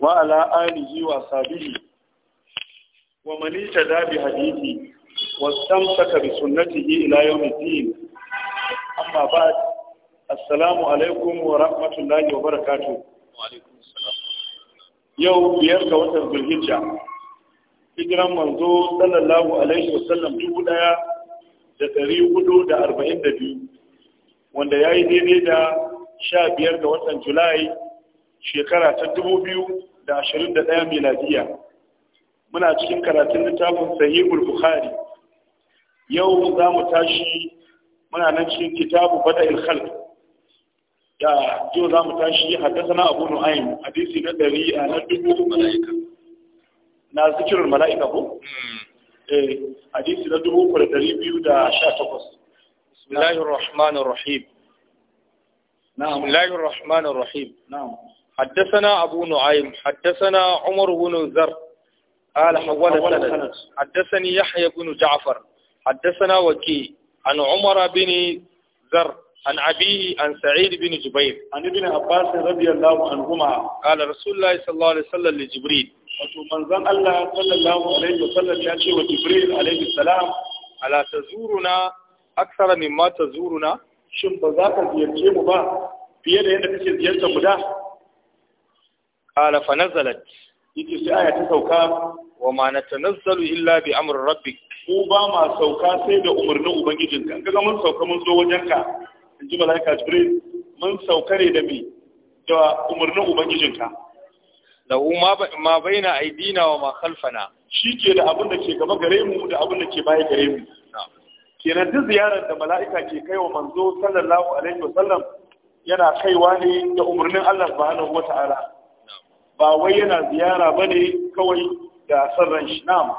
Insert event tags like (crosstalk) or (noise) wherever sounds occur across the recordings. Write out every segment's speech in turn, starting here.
wa ala alihi wa sahbihi wa man ittaba bi hadithi wa istamsaka bi sunnatihi ila yawm amma ba'd assalamu alaikum wa rahmatullahi wa barakatuh wa alaikum assalam yau biyar ga watan zulhijja manzo sallallahu alaihi wa sallam dubu da 342 wanda yayi daidai da sha biyar ga watan julai shekara ta dubu biyu da ashirin da ɗaya miladiya muna cikin karatun littafin sahihul bukhari yau za mu tashi muna nan cikin kitabu bada ilkhal da yau za mu tashi haddasa na abu nu'ayin hadisi na ɗari a na dubu mala'ika na zikirar mala'ika ko? Hmm. eh hadisi na dubu uku da ɗari biyu da sha takwas. Bismillahirrahmanirrahim. نعم الله الرحمن الرحيم نعم حدثنا أبو نعيم حدثنا عمر بن زر قال حول سند حدثني يحيى بن جعفر حدثنا وكي عن عمر بن زر عن أبيه عن سعيد بن جبير عن ابن عباس رضي الله عنهما قال رسول الله صلى الله عليه وسلم لجبريل ومنزل الله صلى الله عليه وسلم يأتي وجبريل عليه السلام ألا تزورنا أكثر مما تزورنا shin ba za ka ziyarce mu ba fiye da yadda kake ziyartar mu da qala fa nazalat yace sai aya ta sauka wa ma natanzalu illa bi amri rabbik ko ba ma sauka sai da umarnin ubangijinka kaga mun sauka mun zo wajenka inji malaika jibril mun sauka ne da me da umarnin ubangijinka lahu ma baina aidina wa ma khalfana shi ke da abin da ke gaba gare mu da abin da ke baya gare mu kenan ziyarar da mala'ika ke kai wa manzo sallallahu alaihi wa sallam yana kaiwa ne da umarnin Allah subhanahu wa ta'ala ba wai yana ziyara bane kawai da sarran shi na'am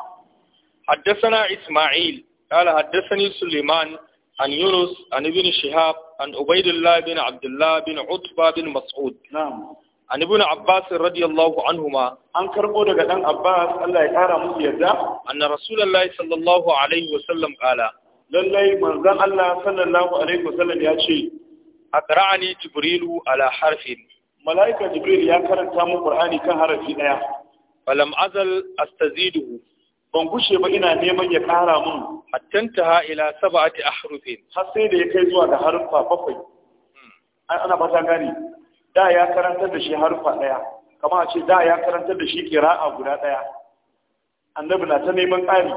haddathana isma'il qala haddathani sulaiman an yunus an ibn shihab an ubaidullah bin abdullah bin mas'ud na'am an ibn abbas radiyallahu anhuma an karbo daga dan Abba Allah ya kara musu yadda anna rasulullahi sallallahu alaihi wa sallam qala lallai Manzan Allah sallallahu alaihi wasallam ya ce aqra'ani jibrilu ala harfin malaika jibril ya karanta mu qur'ani kan harafi daya falam azal astaziduhu ban gushe ba ina neman ya kara mun hattantaha ila sab'ati ahrufin har sai da ya kai zuwa da harfa bakwai hmm. ana ta gani da ya karanta da shi harfa daya kamar a ce da ya karanta da shi kira'a guda daya annabi na ta neman ƙari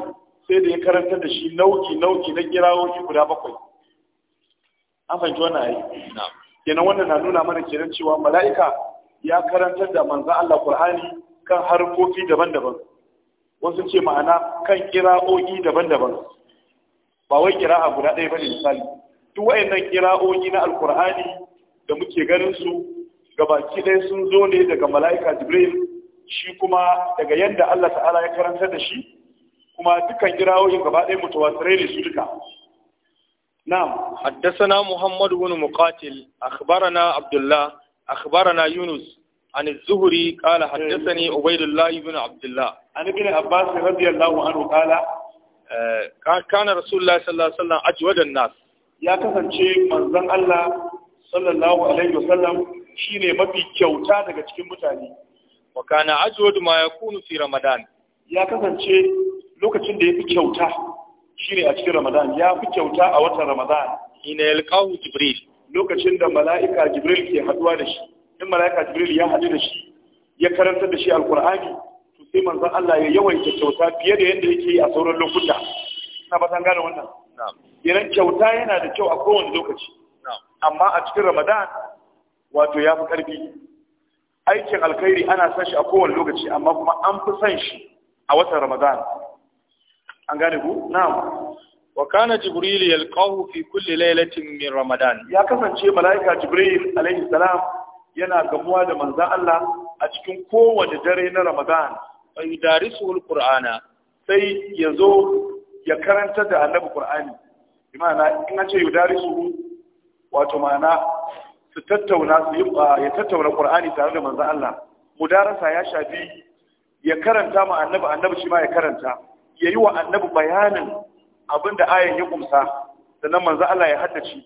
sai da ya karanta da shi nau'i nauki na kirawoyi guda bakwai an fahimci wannan ayi kenan wannan na nuna mana kenan cewa mala'ika ya karanta da manzo Allah Qur'ani kan harkofi daban-daban wasu ce ma'ana kan kira'o'i daban-daban ba wai kira'a guda ɗaya bane misali duk wayannan kira'o'i na alkur'ani da muke ganin su gabaki ɗaya sun zo ne daga mala'ika jibril shi kuma daga yadda Allah ta'ala ya karanta da shi kuma dukkan girawoyin gaba ɗaya mutuwasirai ne su duka نعم حدثنا محمد بن مقاتل أخبرنا عبد الله أخبرنا يونس عن الزهري قال حدثني عبيد الله بن عبد الله عن ابن عباس رضي الله عنه قال كان رسول الله صلى kasance manzon Allah sallallahu alaihi wasallam shine mafi kyauta daga cikin mutane wa kana ajwad ma yakunu fi ramadan ya kasance lokacin da ya fi kyauta shi ne a cikin ramadan ya fi kyauta a watan ramadan ina yalqahu jibril lokacin da mala'ika jibril ke haduwa da shi in mala'ika jibril ya haɗu da shi ya karanta da shi alqur'ani to sai manzon Allah ya yawaita kyauta fiye da yadda yake yi a sauran lokuta ina ba san gane wannan na'am kyauta yana da kyau a kowane lokaci amma a cikin ramadan wato ya fi karfi aikin alkhairi ana san shi a kowane lokaci amma kuma an fi san shi a watan ramadan an gane ku na'am wa kana jibril yalqahu fi kulli laylatin min ramadan ya kasance malaika jibril alaihi salam yana gamuwa da manzo Allah a cikin kowace dare na ramadan fa yudarisu alqur'ana sai yazo ya karanta da annabi qur'ani imana in an ce yudarisu wato ma'ana su tattauna su ah, ya tattauna qur'ani tare da manzo Allah mudarasa ya shafi ya karanta ma annabi annabi shi ma ya karanta yayi wa annabi bayanin abinda ayan ya kumsa sannan manzo Allah ya haddace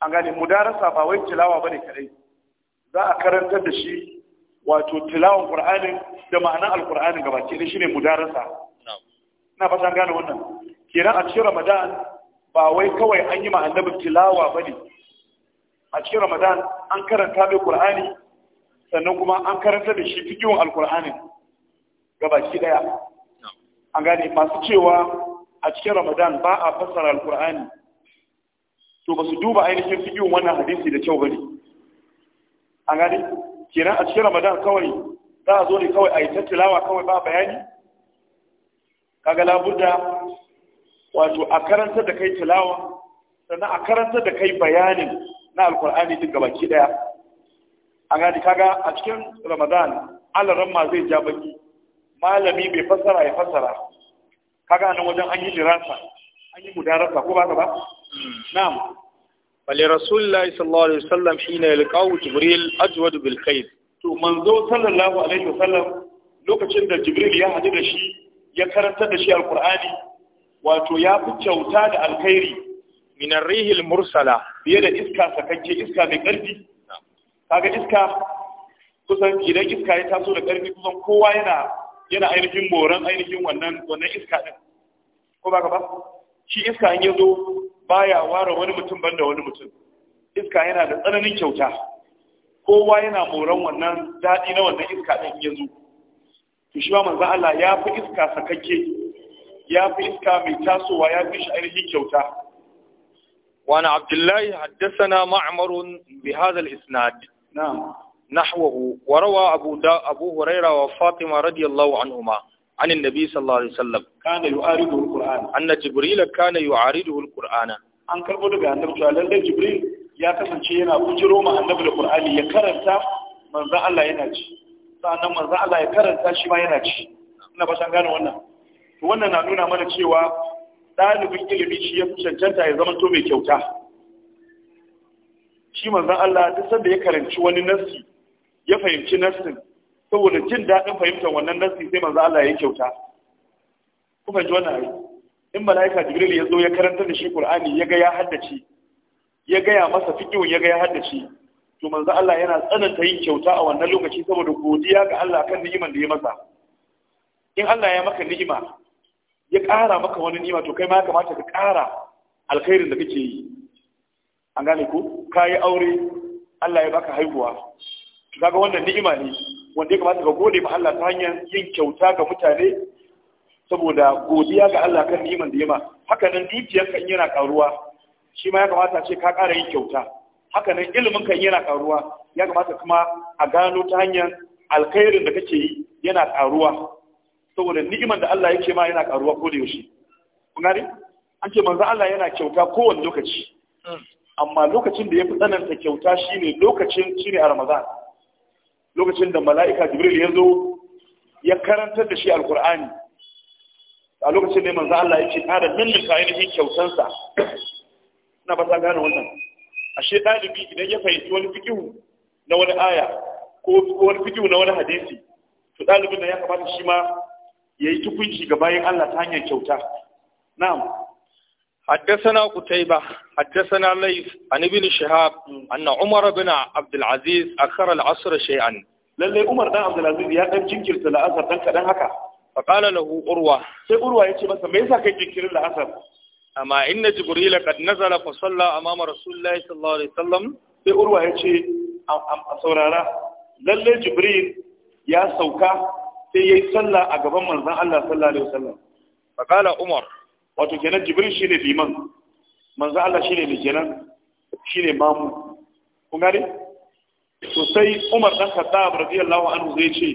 an gane mudarasa ba wai tilawa bane kadai za a karantar da shi wato tilawan qur'anin da ma'anar alqur'anin gabaki ne shine mudarasa ina an gane wannan kenan a cikin ramadan ba wai kawai an yi annabi tilawa bane a cikin ramadan an karanta mai qur'ani sannan kuma an karanta da shi fikihun alqur'anin gabaki daya an gane masu cewa a cikin ramadan ba a fassara alkur'ani to ba su duba ainihin fiƙin wannan hadisi da kyau bane an gane kenan a cikin ramadan kawai za a zo ne kawai a yi tilawa kawai ba bayani kaga labuda wato a karanta da kai tilawa sannan a karanta da kai bayanin na alkur'ani ga gabaki daya an gane kaga a cikin ramadan alaran ma zai ja baki malami bai fassara ya fassara kaga nan wajen an yi dirasa an yi mudarasa ko ba ka ba na'am bali rasulullahi sallallahu alaihi wasallam shine yalqahu jibril ajwad bil khair to manzo sallallahu alaihi wasallam lokacin da jibril ya hadu da shi ya karanta da shi alqur'ani wato ya fi kyauta da alkhairi min arrihil mursala fiye da iska sakakke iska mai karfi kaga iska kusan idan iska ya taso da karfi kusan kowa yana yana ainihin moran ainihin wannan wannan iska din ko ba ka ba shi iska in yazo baya ware wani mutum banda wani mutum iska yana da tsananin kyauta kowa yana moran wannan daɗi na wannan iska din yazo to shi ma manzo Allah ya fi iska sakakke ya fi iska mai tasowa ya fi shi ainihin kyauta وعن عبد الله حدثنا معمر بهذا الإسناد نعم نحوه وروى أبو, دا أبو هريرة وفاطمة رضي الله عنهما عن النبي صلى الله عليه وسلم كان يعارضه القرآن أن جبريل كان يعارضه القرآن an karbo daga annabi cewa lallai jibril ya kasance yana bujiro ma annabi ya karanta manzo Allah yana ci sannan manzo Allah ya karanta shi ma yana ci ina ba san wannan to wannan na nuna mana cewa dalibin ilimi shi ya fi cancanta ya zama to mai kyauta shi manzan Allah duk sanda ya karanci wani nassi ya fahimci nassin saboda jin daɗin fahimtar wannan nassi sai manzo Allah ya kyauta ku fahimci wannan ayi in malaika jibril ya zo ya karanta da shi qur'ani ya ga ya haddace ya gaya masa fiqhun ya ga ya haddace to manzo Allah yana tsananta yin kyauta a wannan lokaci saboda godiya ga Allah kan ni'imar da ya masa in Allah ya maka ni'ima ya ƙara maka wani ni'ima to kai ma ya kamata ka ƙara alkhairin da kake yi an gane ku, ka yi aure Allah ya baka haihuwa kaga wannan ni'ima ne wanda ya kamata ka gode ma Allah ta hanyar yin kyauta ga mutane saboda godiya ga Allah kan ni'iman da yima haka nan dukiyar kan yana karuwa shi ma ya kamata ce ka ƙara yin kyauta haka nan ilimin kan yana karuwa ya kamata kuma a gano ta hanyar alkhairin da kake yi yana karuwa saboda ni'iman da Allah yake ma yana karuwa ko da yaushe kun gane an ce manzo Allah yana kyauta kowane lokaci mm. amma lokacin da ya fi tsananta kyauta shine lokacin shine a Ramadan lokacin da mala'ika jibril ya zo ya karantar da shi alkur'ani a lokacin da manzan Allah ya ce nan da kayan kyautansa na ba ta gane wannan ashe ɗalibi idan ya fahimci wani fikihu na wani aya ko wani fikihu na wani hadisi to ɗalibin da ya kamata shi ma ya yi tukunci ga bayan Allah ta hanyar kyauta na'am حدثنا قتيبة حدثنا ليث عن ابن شهاب أن عمر بن عبد العزيز أخر العصر شيئا للي عمر بن عبد العزيز يا دم جنكر العصر دان كدان هكا فقال له أروى سي أروى يجي مثلا ما يسا كي جنكر العصر أما إن جبريل قد نزل فصلى أمام رسول الله صلى الله عليه وسلم سي أروى يجي saurara lalle jibril ya sauka sai yayi sallah a gaban manzon Allah sallallahu alaihi wasallam faqala umar wato kenan jibril shine liman manzo Allah shine mai kenan shine mamu kun gane to sai Umar dan Khattab radiyallahu anhu zai ce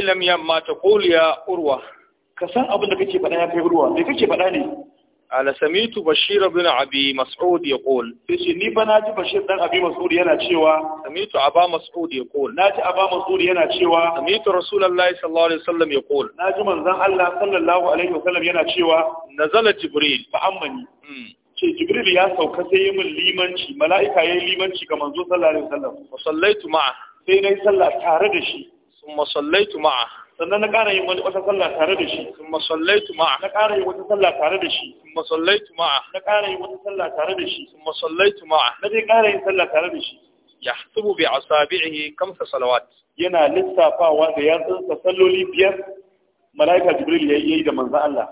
ilam yamma taqul ya urwa ka san abin da kake faɗa ya kai urwa me kake faɗa ne ala samitu bashir ibn abi mas'ud yaqul sai ni fa naji bashir dan abi mas'ud yana cewa samitu aba mas'ud yaqul naji aba mas'ud yana cewa samitu rasulullahi sallallahu alaihi wasallam yaqul naji manzon Allah sallallahu alaihi wasallam yana cewa nazala jibril fa ammani ce jibril ya sauka sai yayin limanci mala'ika yayin limanci ga manzo sallallahu alaihi wasallam sallaitu ma'a sai nayi sallah tare da shi ثم صليت ma'a. sannan na ƙara yin wani wata sallah tare da shi ثم صليت ma'a. na ƙara yin wata sallah tare da shi ثم صليت ma'a. na ƙara yin wata sallah tare da shi ثم صليت ma'a. na dai ƙara yin sallah tare da shi yahtubu bi asabi'ihi kamsa salawat yana lissafawa da yatsunsa salloli biyar malaika jibril ya yi da manzo Allah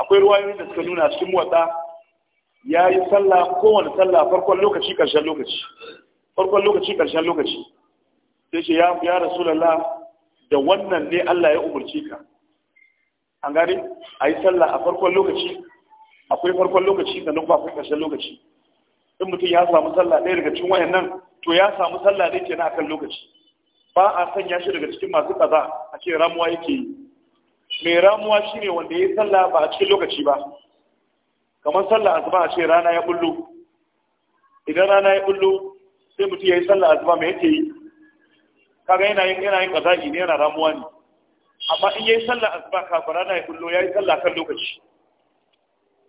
akwai ruwayoyin da suka nuna cikin motsa ya yi sallah kowane sallah farkon lokaci ƙarshen lokaci farkon lokaci ƙarshen lokaci sai ce ya ya rasulullah da wannan ne Allah ya umurce ka an gane ayi sallah a farkon lokaci akwai farkon lokaci da kuma akwai ƙarshen lokaci in mutum ya samu sallah ɗaya daga cikin wayannan to ya samu sallah ne kenan akan lokaci ba a sanya shi daga cikin masu kaza a ce ramuwa yake yi mai ramuwa shine wanda ya yi sallah ba a cikin lokaci ba kamar sallah asuba a ce rana ya bullo idan rana ya bullo sai mutum ya yi sallah asuba mai yake yi kaga yana yin yana yin kaza'i ne yana ramuwa ne amma in yayi sallah asuba kafara na ya kullo yayi sallah kan lokaci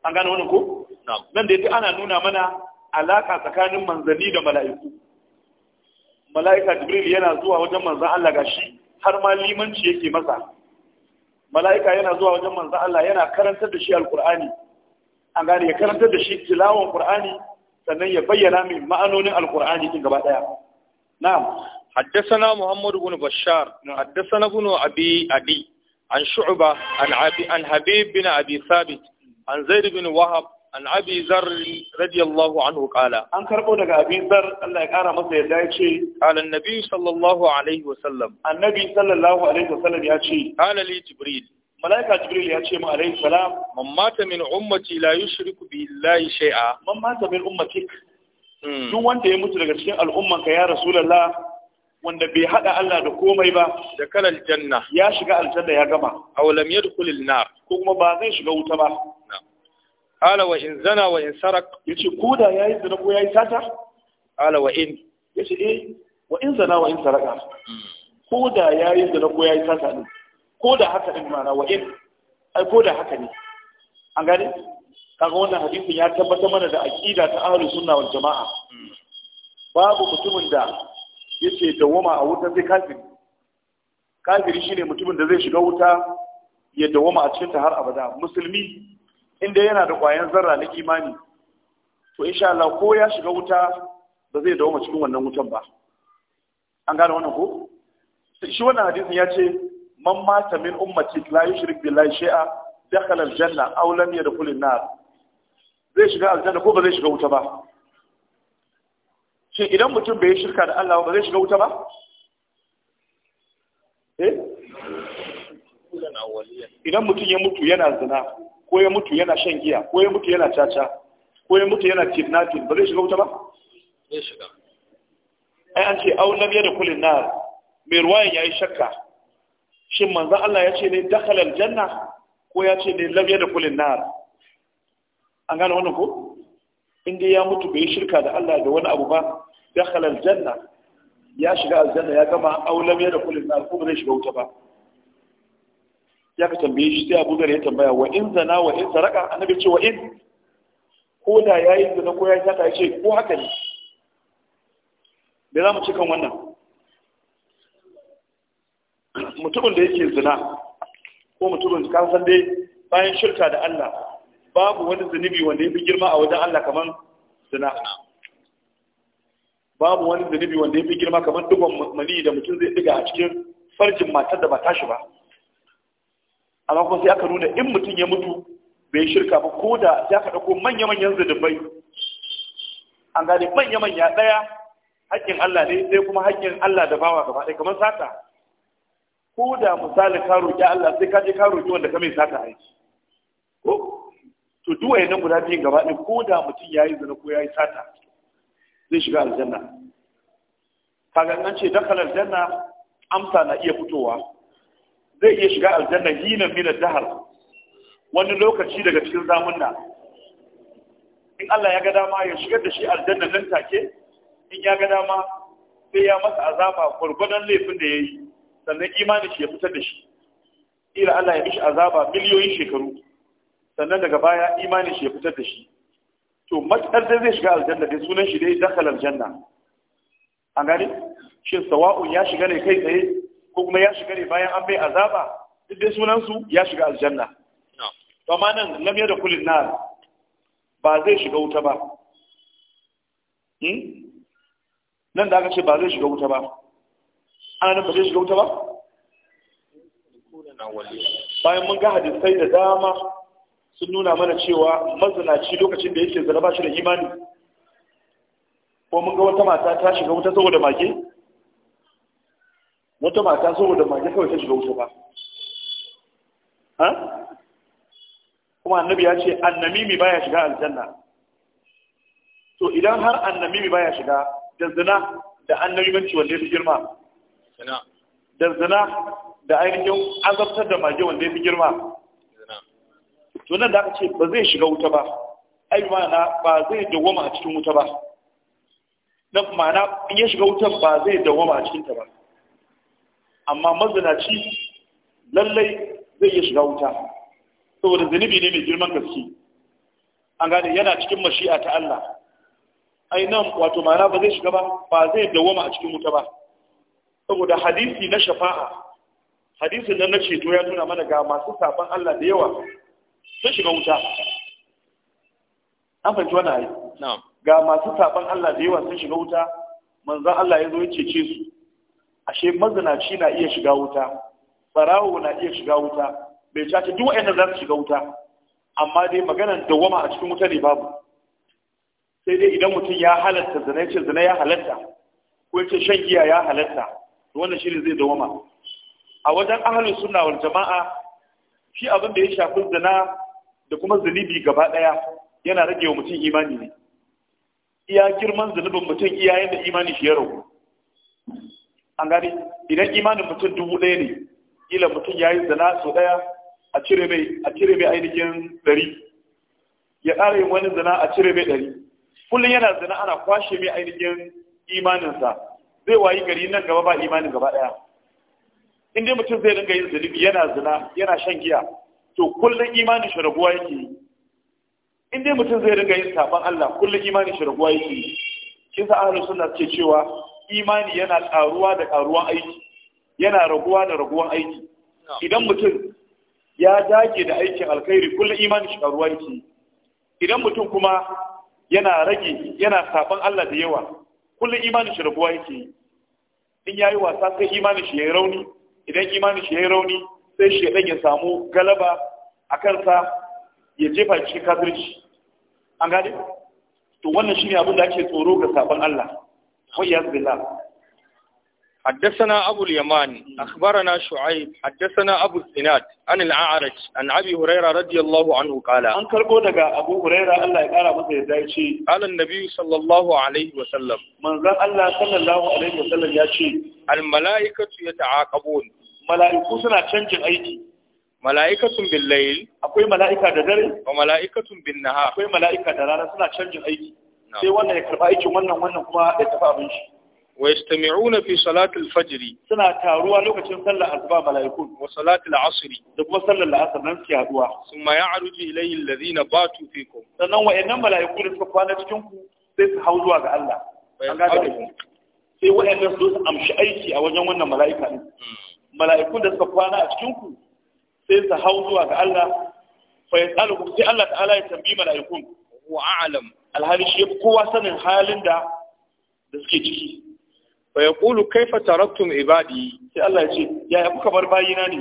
an gane wannan ko nan da duk ana nuna mana alaka tsakanin manzanni da mala'iku mala'ika jibril yana zuwa wajen manzan Allah gashi har ma limanci yake masa mala'ika yana zuwa wajen manzan Allah yana karantar da shi alkur'ani an gane ya karantar da shi tilawon qur'ani sannan ya bayyana min ma'anonin alkur'ani din gaba daya na'am حدثنا محمد بن بشار حدثنا بن أبي أبي عن شعبة عن, عبي عن حبيب بن أبي ثابت عن زيد بن وهب عن أبي ذر رضي الله عنه قال أن كربو دغ أبي ذر الله يقرا masa yadda yace قال النبي صلى الله عليه وسلم النبي صلى الله عليه وسلم yace قال لي جبريل malaika jibril ya ce mu alayhi salam man mata min ummati la yushriku billahi shay'a man mata min ummatik duk wanda ya mutu daga cikin al'umman ka ya rasulullah wanda bai hada Allah da komai ba da kalal janna ya shiga aljanna ya gama aw lam yadkhul an-nar ko kuma ba zai shiga wuta ba ala wa in zana wa in sarak yace ko da yayi zina ko yayi sata ala wa in yace eh wa in zana wa in saraka hmm. ko da yayi zina ko yayi sata din ko da haka din mana wa in ai ko da haka ne an gane kaga wannan hadisin ya tabbatar mana da aqida ta ahlus sunna wal jamaa hmm. babu mutumin da yace dawama a wuta sai kafiri kafiri shine mutumin da zai shiga wuta ya dawama a cikin ta har abada musulmi inda yana da ƙwayan zarra na imani to insha Allah ko ya shiga wuta ba zai dawoma cikin wannan wutan ba an gane wannan ko shi wannan hadisin ya ce man mata min ummati la yushrik billahi shay'a dakhala aljanna aw lam yadkhul an-nar zai shiga aljanna ko ba zai shiga wuta ba shi idan mutum bai shirka da Allah ba zai shiga wuta ba eh idan mutum ya mutu yana zina ko ya mutu yana shan giya ko ya mutu yana caca ko ya mutu yana kidnapping ba zai shiga wuta ba zai shiga ai an ce au nabiya da kulin nar mai ruwayan yi shakka shin manzan Allah ya ce ne dakalar janna? ko ya ce ne labiya da kulin nar an gane wannan ko in dai ya mutu bai shirka da Allah da wani abu ba dakhala aljanna ya shiga aljanna ya gama aulam ya da kullun na ko zai shiga wuta ba ya ka tambaye shi sai Abu Dhar ya tambaya wa in zana wa in saraka annabi ce wa in ko da yayi zina ko yayi saka yace ko haka ne me za mu ci kan wannan mutumin da yake zina ko mutumin ka san dai bayan shirka da Allah babu wani zunubi wanda ya fi girma a wajen Allah kaman zina babu wani zunubi wanda ya fi girma kaman dugon mani da mutum zai diga a cikin farjin matar da ba tashi ba amma kuma sai aka nuna in mutum ya mutu bai shirka ba ko da ya ka ɗauko manya-manyan zunubai an gane manya-manya ɗaya haƙƙin Allah ne sai kuma haƙƙin Allah da bawa gaba ɗaya kamar sata ko da misali ka roƙi Allah sai ka je ka roƙi wanda ka mai sata aiki ko to duk wayannan guda biyun gaba ɗin ko da mutum ya yi zina ko ya yi sata zai shiga aljanna kaga an ce dakal aljanna amsa na iya fitowa zai iya shiga aljanna hina min dahar wani lokaci daga cikin zamun na. in Allah ya ga dama ya shigar da shi aljanna nan take in ya ga dama sai ya masa azaba gwargwadon laifin da ya yi, sannan imanin shi ya fitar da shi ila Allah ya bishi azaba miliyoyin shekaru sannan daga baya imani shi ya fitar da shi to matsar da zai shiga aljanna dai sunan shi dai dakal aljanna an gani shin sawa'un ya shiga ne kai tsaye ko kuma ya shiga ne bayan an bai azaba duk dai sunan su ya shiga aljanna to amma nan lam da kulin nar ba zai shiga wuta ba hmm? nan da aka ce ba zai shiga wuta ba ana nan ba zai shiga wuta ba bayan mun ga hadisai da dama sun nuna mana cewa mazinaci lokacin da yake zara ba shi da imani ko mun ga wata mata ta shiga wuta saboda mage wata mata saboda mage kawai ta shiga wuta ba ha kuma annabi ya ce annamimi baya shiga aljanna to idan har annamimi baya shiga da zina da annabimanci wanda ya fi girma da zina da ainihin azabtar da mage wanda ya fi girma to nan da aka ce ba zai shiga wuta ba ai ma'ana ba zai dawoma a cikin wuta ba nan ma'ana in ya shiga wutan ba zai dawoma a cikin ta ba amma mazinaci lallai zai iya shiga wuta saboda zunubi ne mai girman gaske an gane yana cikin mashi'a ta Allah ai nan wato ma'ana ba zai shiga ba ba zai dawoma a cikin wuta ba saboda hadisi na shafa'a hadisin nan na ceto ya nuna mana ga masu sabon Allah da yawa sun shiga wuta an fahimci wani ayi ga masu saban Allah da yawa sun shiga wuta manzan Allah ya zo ya cece su ashe mazinaci na iya shiga wuta barawo na iya shiga wuta bai cace duk waɗanda za su shiga wuta amma dai maganar dawwama a cikin wuta ne babu sai dai idan mutum ya halatta zina ya ce zina ya halatta ko ya ce shan giya ya halatta da wannan shi ne zai dawwama a wajen ahalin suna wal jama'a shi abin da ya shafi zina da kuma zunubi gaba ɗaya yana rage wa mutum imani ne iya girman zunubin mutum iya yadda imani shi ya ragu an gani idan imanin mutum dubu ɗaya ne ila mutum ya yi zina sau ɗaya a cire mai a cire mai ainihin ɗari ya ƙara yin wani zina a cire mai ɗari kullum yana zina ana kwashe mai ainihin imaninsa zai wayi gari nan gaba ba imanin gaba ɗaya in dai mutum zai dinga yin zunubi yana zina yana shan giya to kullum imanin shi raguwa yake yi in dai mutum zai dinga yin saban Allah kullum imanin shi raguwa yake yi kin sa ahlus sunna ce cewa imani yana karuwa da karuwan aiki yana raguwa da raguwan aiki idan mutum ya dage da aikin alkhairi kullum imanin shi karuwa yake yi idan mutum kuma yana rage yana saban Allah da yawa kullum imanin shi raguwa yake yi in yayi wasa sai imanin shi yayi rauni idan imani shi ya rauni sai shi ya ya samu galaba a kansa ya jefa cikin kafirci an gane to wannan shine abin da ake tsoro ga sabon Allah wa iyaz billah حدثنا أبو اليمان أخبرنا شعيب حدثنا أبو الزناد عن الأعرج عن أبي هريرة رضي الله عنه قال أن كربونك أبو هريرة الله يقال مثل دايشي قال النبي صلى الله عليه وسلم من ذا الله صلى الله عليه وسلم ياشي الملائكة يتعاقبون ملائكة سنة تنجل أيدي ملائكة بالليل أقوي ملائكة ددري وملائكة بالنهار أقوي ملائكة درانا سنة تنجل أيدي sai wannan ya karba aikin wannan wannan kuma ya tafi abin shi wa yastami'una fi salati suna taruwa lokacin sallar asuba malaikun wa salati al da kuma sallar al nan suke haduwa summa ya'ruju ilayhi alladhina batu fikum sannan wa'annan malaikun suka kwana cikin ku sai su hau zuwa ga Allah sai wa'annan su amshi aiki a wajen wannan mala'ika din hmm. mala'ikun da suka kwana a cikin ku sai su hau zuwa ga Allah sai Allah ta'ala ya tambayi mala'ikun wa a'lam alhali kowa sanin halin da da suke ciki fa yaqulu kaifa taraktum ibadi sai Allah ya ce ya kuka bar bayina ne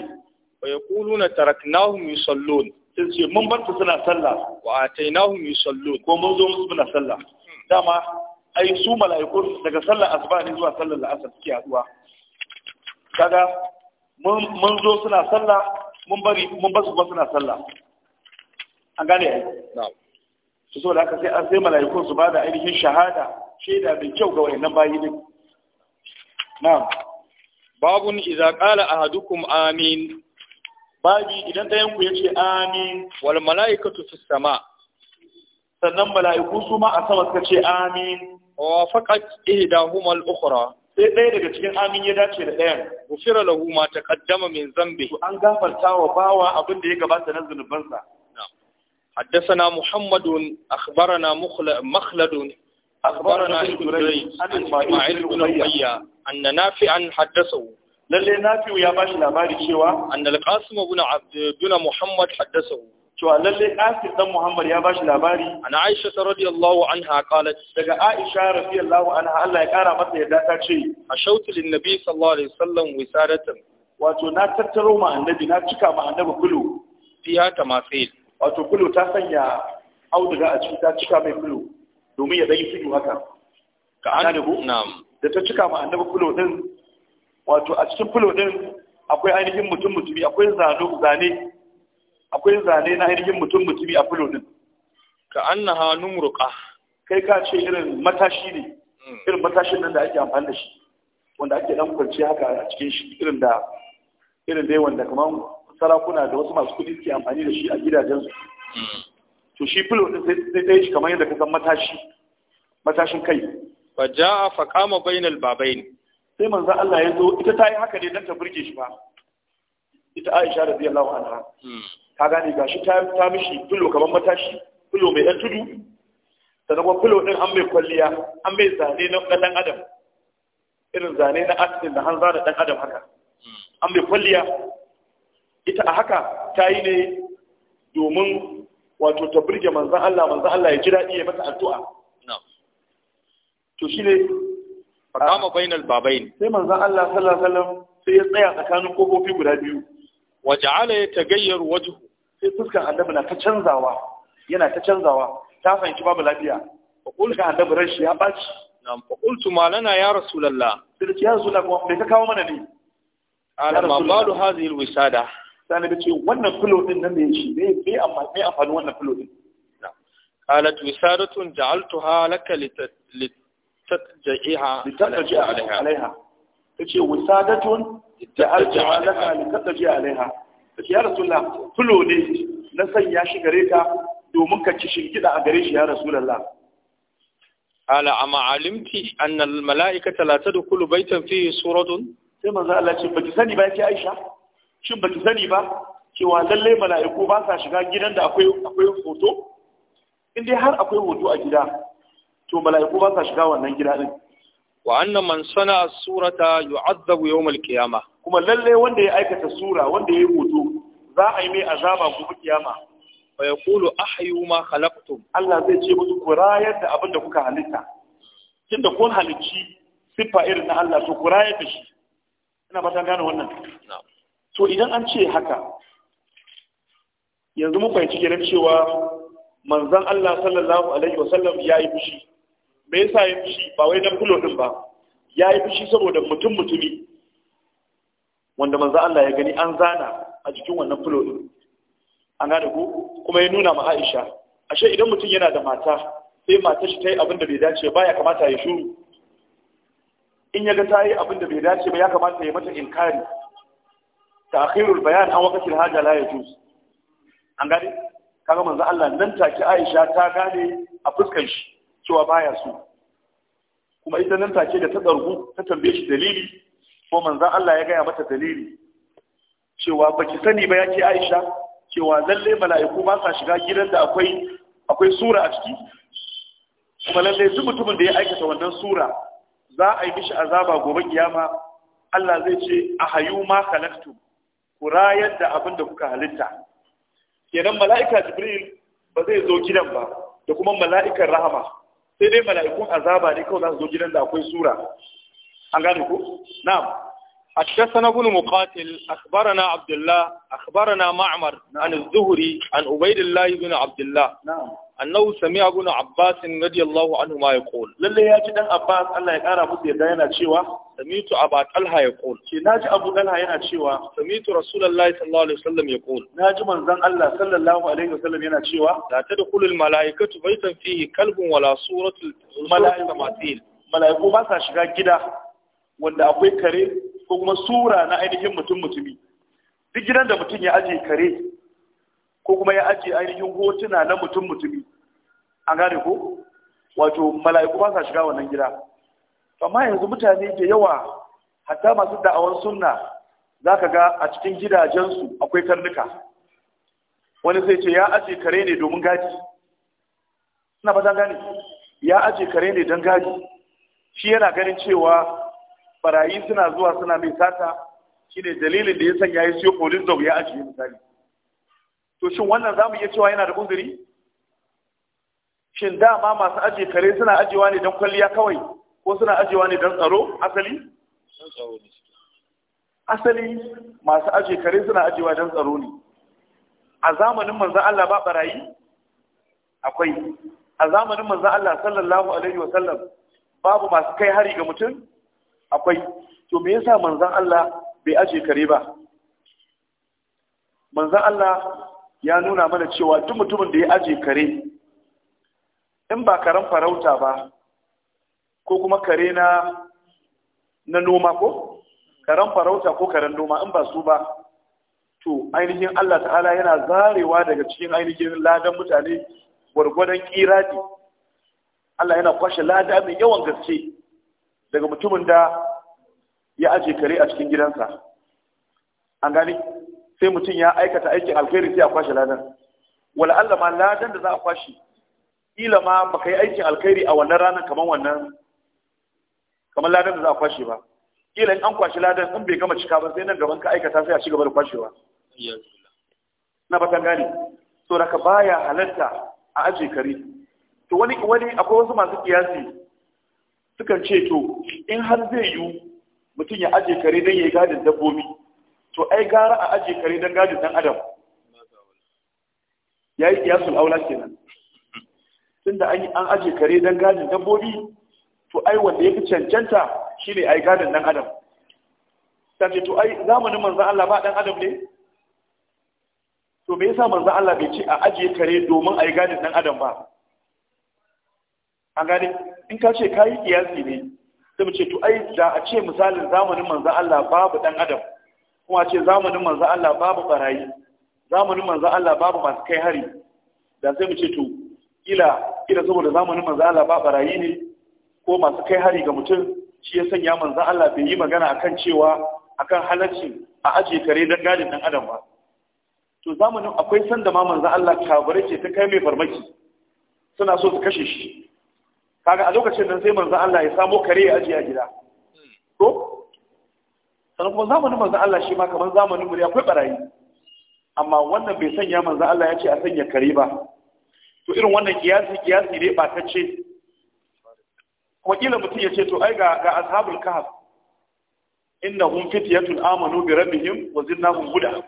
fa na taraknahum yusallun sai ce mun bar su suna sallah wa atainahum yusallun ko mun zo musu suna sallah hmm. dama ai su mala'iku daga sallar asuba ne zuwa sallar la'asar suke haduwa kaga mun zo suna sallah mun bari mun basu ba suna sallah an gane ai su so da haka sai an sai mala'ikun su bada ainihin shahada shaida mai kyau ga wayannan bayi din na'am babun idza qala ahadukum amin babi idan ɗayan yace amin wal malaikatu fis sama sannan mala'iku su ma a sama suka ce amin wa faqat ihdahuma al ukhra sai ɗaya daga cikin amin ya dace da ɗayan fira lahu ma taqaddama min zambi an gafarta wa bawa abin da ya gabata na zunubansa حدثنا محمد اخبرنا مخلد اخبرنا ابن عن بن anna nafi'an haddasahu lalle nafi'u ya bashi labari cewa anna al-qasim ibn abduna muhammad haddasahu cewa lalle qasim dan muhammad ya bashi labari ana aisha radiyallahu anha qalat daga aisha radiyallahu anha Allah ya kara mata yadda ta ce ashautu lin-nabi sallallahu alaihi wasallam wisadatan wato na tattaro ma annabi na cika ma annabi kulu fiya tamasil wato kulu ta sanya auduga a cikin ta cika mai kulu domin ya dai tudu haka ka da ta cika ma annabi fulo din wato a cikin fulo din akwai ainihin mutum mutumi akwai zano zane akwai zane na ainihin mutum mutumi a fulo din ka ha numruqa kai ka ce irin matashi ne hmm. irin matashin nan da ake amfani da shi wanda ake dan kwance haka a cikin shi irin da irin dai wanda kaman sarakuna da wasu masu kudi suke amfani da shi a gidajen su. Hmm. to shi fulo din sai dai shi kamar yadda ka san matashi matashin kai fa ja'a fa qama bainal babain sai manzo Allah ya zo ita ta yi haka ne dan ta burge shi ba ita Aisha radiyallahu anha ta hmm. gane gashi ta ta mishi fulo kamar matashi fulo mai dan tudu sannan kuma fulo din an mai kwalliya an mai zane na dan adam irin zane na asin da hanza da dan adam haka hmm. an mai kwalliya ita a haka ta yi ne domin wato ta burge manzan Allah manzan Allah ya ji daɗi ya mata addu'a to shi ne faqama bainal babain sai manzon Allah sallallahu alaihi wasallam sai ya tsaya tsakanin kofofi guda biyu wa ja'ala yataghayyaru wajhu sai fuskan annabi na ta canzawa yana ta canzawa ta fahimci babu lafiya fa kulka annabi ran shi ya baci nan fa qultu ma lana ya rasulullah sai ya rasulullah kuma bai ka kawo mana ne ala ma balu hadhihi alwisada sai da ce wannan fulo din nan ne shi ne me amfani wannan fulo din قالت وسادة جعلتها لك تتجئها لتتجئ عليها تجي وسادة تأرجع لك لتتجئ عليها يا رسول الله كله لي نسي يا شكريتا دومنك تشين كده أقريش يا رسول الله قال أما علمت أن الملائكة لا تدخل بيتا فيه سورة كما قال الله بك سني بك يا عائشة شو بك سني بك cewa lallai mala'iku ba sa shiga gidan da akwai hoto in dai har akwai hoto a gida to mala'iku ba sa shiga wannan gida din wa anna man sana surata yu'adhabu yawm al-qiyama kuma lalle wanda ya aikata sura wanda yayi hoto za a yi mai azaba gobe kiyama fa yaqulu ahyu ma khalaqtum Allah zai ce musu ku rayar da abin da kuka halitta tunda kun halicci siffa irin na Allah to ku rayar da shi ina ba ta gane wannan to idan an ce haka yanzu mun fahimci kenan cewa manzon Allah sallallahu alaihi wasallam ya yi fushi me yasa ya fushi ba wai dan kulo din ba ya yi fushi saboda mutum mutumi wanda manzo Allah ya gani an zana a jikin wannan kulo din an gane ko kuma ya nuna ma Aisha ashe idan mutum yana da mata sai matar shi ta yi abin da bai dace ba ya kamata ya shuru in ya ga ta yi abin da bai dace ba ya kamata ya mata inkari ta'khirul bayan an al haja la yajuz an gane kaga manzo Allah nan take Aisha ta gane a fuskar shi cewa baya so kuma ita nan take da ta ɗargu ta tambaye shi dalili ko manzan Allah ya gaya mata dalili cewa ba ki sani ba yake Aisha cewa lalle mala'iku ba sa shiga gidan da akwai akwai sura a ciki kuma lalle duk mutumin da ya aikata wannan sura za a yi mishi azaba gobe kiyama Allah zai ce a hayu ma kalaktu ku rayar da abin da kuka halitta kenan mala'ika jibril ba zai zo gidan ba da kuma mala'ikan rahama sai dai mala'ikun azaba ne kawai za su zo gidan da akwai sura an gane ku na'am حدثنا ابن مقاتل أخبرنا عبد الله أخبرنا معمر عن الزهري عن عبيد الله بن عبد الله نعم annahu sami'a ibn abbas radiyallahu anhu ma yaqul lalle ya ci dan abbas Allah ya kara musu yadda yana cewa sami'tu aba talha yaqul ce naji abu talha yana cewa sami'tu rasulullahi sallallahu alaihi wasallam yaqul naji manzon Allah sallallahu alaihi wasallam yana cewa la tadkhulu al malaikatu baytan fihi kalbun wala suratul malaika matil malaiku ba sa shiga gida wanda akwai kare ko kuma sura na ainihin mutum mutumi duk gidan da mutum ya aje kare ko kuma ya ajiye ainihin hotuna na mutum mutumi an gane ko wato mala'iku ba sa shiga wannan gida amma yanzu mutane da yawa hatta masu da'awar sunna za ka ga a cikin gidajensu akwai karnuka wani sai ce ya ajiye kare ne domin gaji na bazan gane ya ajiye kare ne don gaji shi yana ganin cewa barayi suna zuwa suna mai sata shi ne dalilin da ya sanya ya siyo polis dog ya ajiye misali to shin wannan zamu iya cewa yana da uzuri shin dama masu ajiye kare suna ajiyewa ne don kwalliya kawai ko suna ajiyewa ne don tsaro asali asali masu ajiye kare suna ajiyewa don tsaro ne a zamanin manzo Allah ba barayi akwai a zamanin manzo Allah sallallahu alaihi wa sallam babu masu kai hari ga mutum akwai to me yasa manzan Allah bai aje kare ba manzan Allah ya nuna mana cewa duk mutumin da ya aje kare in ba karen farauta ba ko kuma kare na na noma ko karen farauta ko karen noma in ba su ba to ainihin Allah ta'ala yana zarewa daga cikin ainihin ladan mutane gwargwadon kiradi Allah yana kwashe lada mai yawan gaske daga mutumin da ya aje kare a cikin gidansa an gani sai mutum ya aikata aikin alkhairi sai a kwashe ladan wala Allah ma ladan da za a kwashe kila ma baka yi aikin alkhairi a wannan ranar kamar wannan kamar ladan da za a kwashe ba kila in an kwashe ladan in bai gama cika ba sai nan gaban ka aikata sai a ci gaba da kwashewa na batan gane to da ka baya halatta a aje kare to wani wani akwai wasu masu kiyasi sukan ce to in har zai yiwu mutum ya aje kare don ya yi gadin dabbobi to ai gara a aje kare don gadin dan adam ya yi kiyasul aula kenan tun da an aje kare don gadin dabbobi to ai wanda ya fi cancanta shine ai gadin dan adam ta ce to ai zamanin manzan Allah ba dan adam ne to me yasa manzan Allah bai ce a aje kare domin ai gadin dan adam ba an gane in ka ce kayi kiyasi ne sai mu ce to ai da a ce misalin zamanin manzan Allah babu dan adam kuma ce zamanin manzo Allah babu barayi zamanin manzo Allah babu masu kai hari da sai mu ce to ila kila saboda zamanin manzo Allah babu barayi ne ko masu kai hari ga mutum shi ya sanya manzo Allah bai yi magana akan cewa akan halacci a aje kare dan gadin dan adam ba to zamanin akwai sanda ma manzo Allah kabare ce ta kai mai farmaki suna so su kashe shi kaga a lokacin nan sai manzo Allah ya samo kare ya aje a gida To? sannan kuma zamanin manzan Allah shi ma kamar zamanin mu akwai barayi amma wannan bai sanya manzan Allah ya ce a sanya kare ba to irin wannan kiyasi kiyasi ne ba ta ce kuma mutum ya ce to ai ga ga ashabul kahf hum fityatun amanu bi rabbihim wa zinnahum huda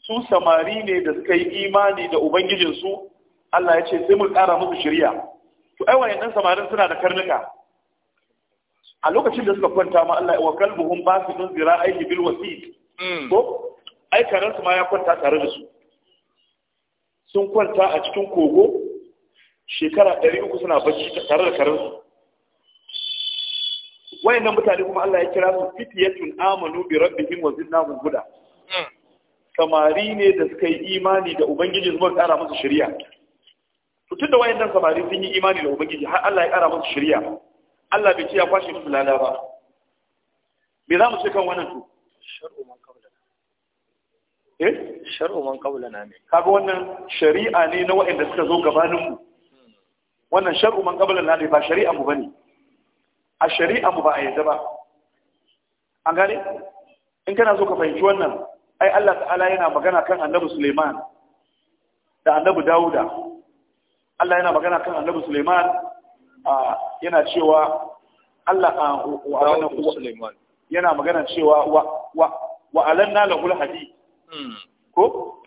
su samari ne da suka yi imani da ubangijinsu Allah ya ce sai mun kara musu shari'a to ai wayannan samarin suna da karnuka a lokacin da suka kwanta ma Allah wa kalbuhum basidun zira'ihi bil wasid hmm. ko ai karan su ma ya kwanta tare da su sun kwanta a cikin kogo shekara 300 suna bacci tare da karan su wayannan mutane kuma Allah ya kira su fitiyatun amanu bi rabbihim wa zinnahum huda hmm. samari ne da suka yi imani da ubangiji zuwa tsara musu shari'a tun da wayannan samari sun yi imani da ubangiji har Allah ya kara musu shari'a Allah bai ce ya kwashe musu lada ba me za mu ce kan wannan to shar'u man qablana eh shar'u man na ne kaga wannan shari'a ne na waɗanda suka zo gabanin mu wannan shar'u man na ne ba shari'a mu bane a shari'a mu ba a yadda ba an gane in kana so ka fahimci wannan ai Allah ta'ala yana magana kan annabi Suleiman da annabi Dawuda Allah yana magana kan annabi Suleiman yana cewa Allah yana magana cewa wa na lahul hadi hmm. ko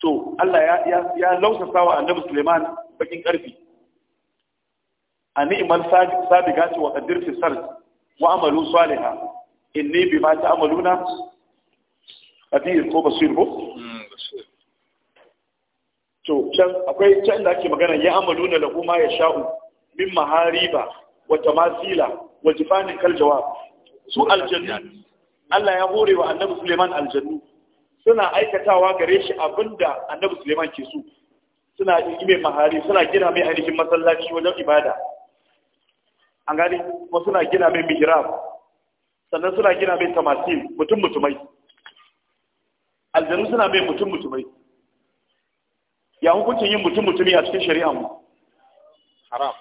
to Allah ya lausasa wa annabi Suleiman bakin karfi a ni'mal sabiqati wa qaddirti sar wa amalu salihah inni bima ta'maluna qadir ko basir ko hmm, to can akwai can da ake magana ya amalu na lahu ma ya sha'u min mahariba wa tamasila wa jifanin kal jawab su aljannu Allah ya hore wa annabi Suleiman aljannu suna aikatawa gare shi abinda annabi Suleiman ke so suna yi mai mahari suna gina mai ainihin masallaci wajen ibada an gani kuma suna gina mai mihrab sannan suna gina mai tamasil mutum mutumai Aljannu suna mai mutum mutumai ya hukuncin yin mutum mutumi a cikin shari'a mu haram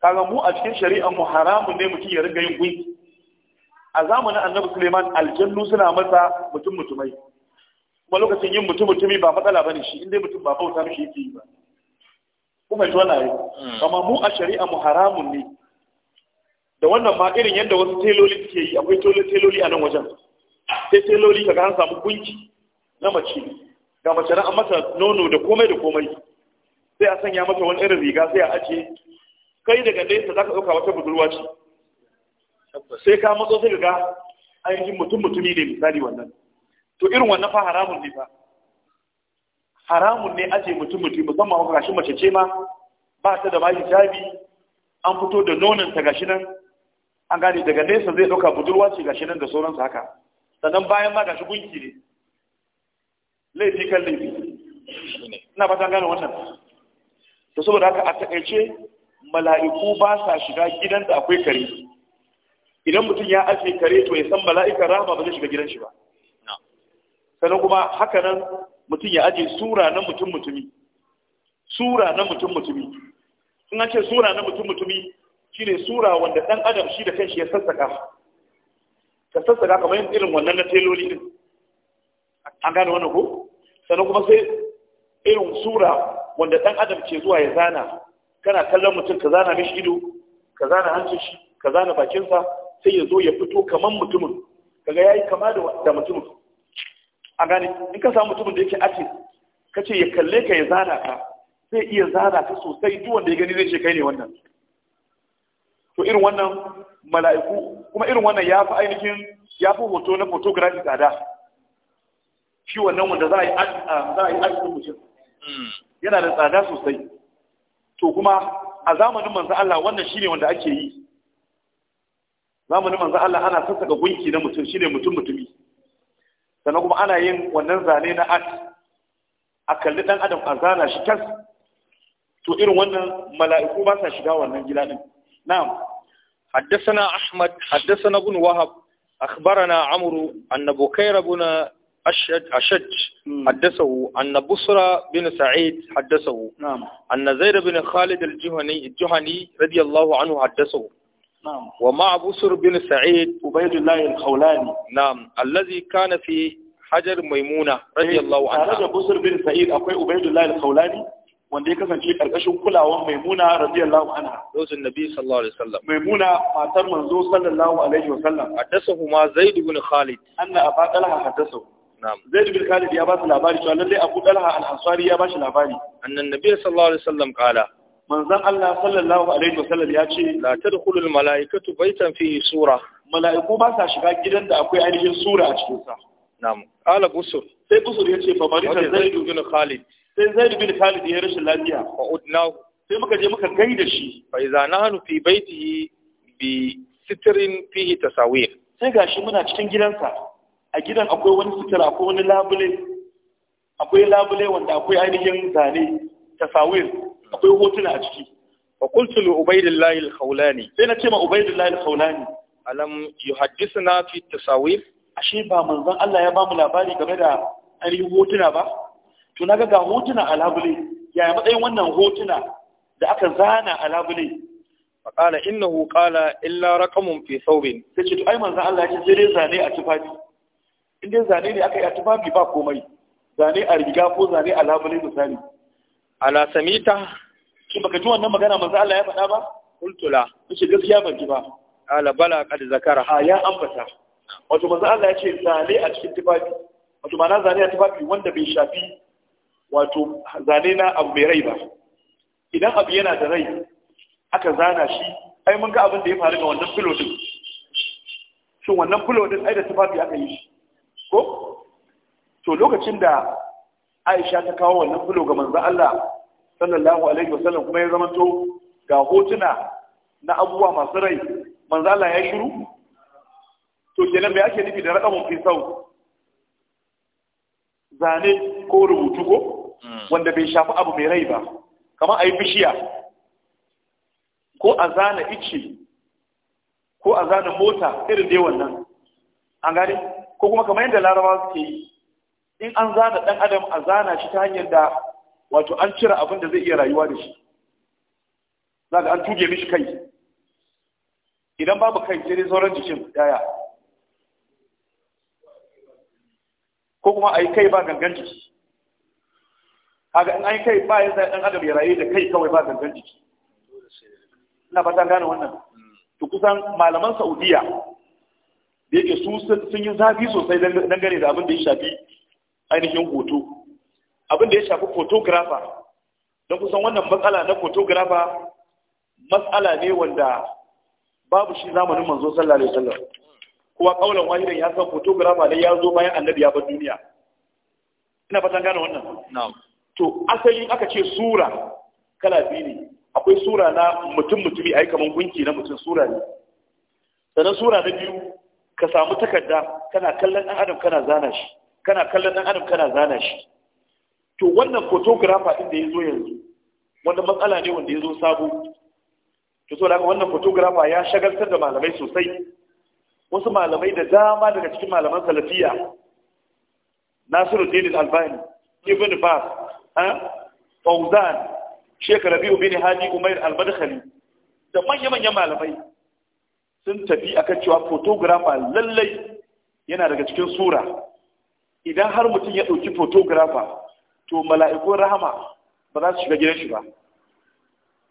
kaga mu a cikin shari'ar mu haramun ne mutum ya riga yin gunki a zamanin annabi suleiman aljannu suna masa mutum mutumai kuma lokacin yin mutum mutumi ba matsala bane shi inda mutum ba bauta mishi yake yi ba kuma ji wannan ayi hmm. amma mu a shari'a mu haramun ne da wannan ma irin yadda wasu teloli suke yi akwai teloli teloli a nan wajen sai teloli kaga an samu gunki na mace ga mace na an nono da komai da komai sai a sanya mata wani irin riga sai a ajiye kai daga nesa zaka ɗauka wata budurwa ce sai ka matso sai ga ainihin mutum mutumi ne misali wannan to irin wannan fa haramun ne fa haramun ne aje mutum mutumi musamman ga gashi mace ce ma ba ta da ma hijabi an fito da nonon ta gashi nan an gane daga nesa zai ɗauka budurwa ce gashi nan da sauransu haka sannan bayan ma gashi gunki ne laifi kan laifi ina fata gane wannan to saboda haka a takaice mala'iku ba sa shiga gidan da akwai kare idan mutum ya ajiye kare to ya san mala'ikar rahama ba zai shiga gidan shi ba sannan kuma haka nan mutum ya ajiye sura na mutum mutumi sura na mutum mutumi in an ce sura na mutum mutumi shine sura wanda dan adam shi da kanshi ya sassaka ka sassaka kamar yin irin wannan na teloli din an gane wannan ko sannan kuma sai irin sura wanda dan adam ke zuwa ya zana kana kallon mutum ka zana mishi ido ka zana hancin shi ka zana bakinsa sai ya zo ya fito kaman mutumin kaga yayi kama da mutumin a gane in ka samu mutumin da yake atis ka ce ya kalle ka ya zana ka zai iya zana ka sosai duk wanda ya gani zai ce kai ne wannan to irin wannan mala'iku kuma irin wannan ya fi ainihin ya fi hoto na photography tsada shi wannan wanda za a yi a yi mutum hmm. yana da tsada sosai to kuma a zamanin manzo Allah wannan shine wanda ake yi zamanin manzo Allah ana sassaka gunki na mutum shine mutum mutumi sannan kuma ana yin wannan zane na art a kalli dan adam a zana shi tas to irin wannan mala'iku ba sa shiga wannan gida din na'am حدثنا أحمد حدثنا ابن وهب أخبرنا عمرو أن بكير بن أشج حدثه أن بصرة بن سعيد حدثه أن زيد بن خالد الجهني الجهني رضي الله عنه حدثه ومع بصر بن سعيد عبيد الله الخولاني نعم الذي كان في حجر ميمونة رضي الله عنها خرج بصر بن سعيد أخوي عبيد الله الخولاني wanda ya kasance ƙarƙashin kulawar maimuna radiyallahu anha zojin nabi sallallahu alaihi wasallam maimuna matar manzo sallallahu alaihi wasallam haddathahu ma zaid ibn khalid anna aba talha haddathahu zaid bin khalid ya ba su labari cewa lalle abu dalha al-ansari ya ba shi labari annan nabi sallallahu alaihi wasallam qala manzon Allah sallallahu alaihi wasallam ya ce la tadkhulul malaikatu baitan fihi sura mala'iku ba sa shiga gidan da akwai ainihin sura a cikin sa na'am qala busur sai busur ya ce fa barita zaid bin khalid sai zaid bin khalid ya rashin lafiya fa udnahu sai muka je muka gaida shi fa idza nahnu fi baitihi bi sitrin fihi tasawir sai gashi muna cikin gidansa a gidan akwai wani sutura ko wani labule akwai labule wanda akwai ainihin zane ta sawir. akwai hotuna a ciki fa qultu li ubaydillah al-khawlani sai na ce ma ubaydillah al-khawlani alam na fi tasawir ashe ba manzon Allah ya ba mu labari game da ainihin hotuna ba to naga ga hotuna a labule yaya matsayin wannan hotuna da aka zana a labule faƙala innahu qala illa raqamun fi thawbin sai ce to ai manzon Allah ya ce sai zane a tufafi in zane ne aka yi a tufafi ba komai zane a riga ko zane a labule misali A samita shi baka ji wannan magana manzo Allah ya faɗa ba kultula shi gaskiya ban ji ba ala bala qad zakara Ha ya ambata wato manzo Allah ya ce zane a cikin tufafi wato mana zane a tufafi wanda bai shafi wato zane na abu mai rai ba idan abu yana da rai aka zana shi ai mun ga abin da ya faru ga wannan filo din shin wannan filo din ai da tufafi aka yi shi ko to lokacin da aisha ta kawo wannan filo ga manzo Allah sallallahu alaihi wasallam kuma ya zamanto ga hotuna na abubuwa masu rai manzo Allah ya shiru to kenan me ake nufi da rakamun fi sau zane ko rubutu ko hmm. wanda bai shafi abu mai rai ba kamar a yi bishiya ko a zana ice ko a zana mota irin dai wannan an gane ko kuma kamar yadda larabawa suke yi in an zana ɗan adam a zana shi ta hanyar da wato an cire abin da zai iya rayuwa da shi za ga an tuge mishi kai idan babu kai sai dai sauran jikin yaya ko kuma a yi kai ba gangan jiki kaga in an yi kai ba ya zai ɗan adam ya rayu da kai kawai ba gangan jiki ina fatan gane wannan mm. to kusan malaman saudiya da yake su sun yi zafi sosai dangane da abin da ya shafi ainihin hoto abin da ya shafi photographer don kusan wannan matsala na photographer matsala ne wanda babu shi zamanin manzo sallallahu alaihi wasallam Kuwa kaulan wahidan ya san photographer ne ya zo bayan annabi ya bar duniya ina fatan gane wannan na'am to asali aka ce sura kala biyu ne akwai sura na mutum mutumi ai kaman gunki na mutum sura ne sannan sura na biyu ka samu takarda kana kallon ɗan adam kana zana shi kana kallon ɗan adam kana zana shi to wannan photographer ɗin da ya zo yanzu wannan matsala ne wanda ya zo sabo to so da wannan photographer ya shagaltar da malamai sosai wasu malamai da dama daga cikin malaman salafiya nasiru al albani ibn ha fauzan Sheikh Rabi'u bin hadi umair al-madkhali da manya-manyan malamai sun tafi akan cewa photographer lallai yana daga cikin sura idan har mutum ya ɗauki photographer to mala'ikun rahama ba za su shiga gidan shi ba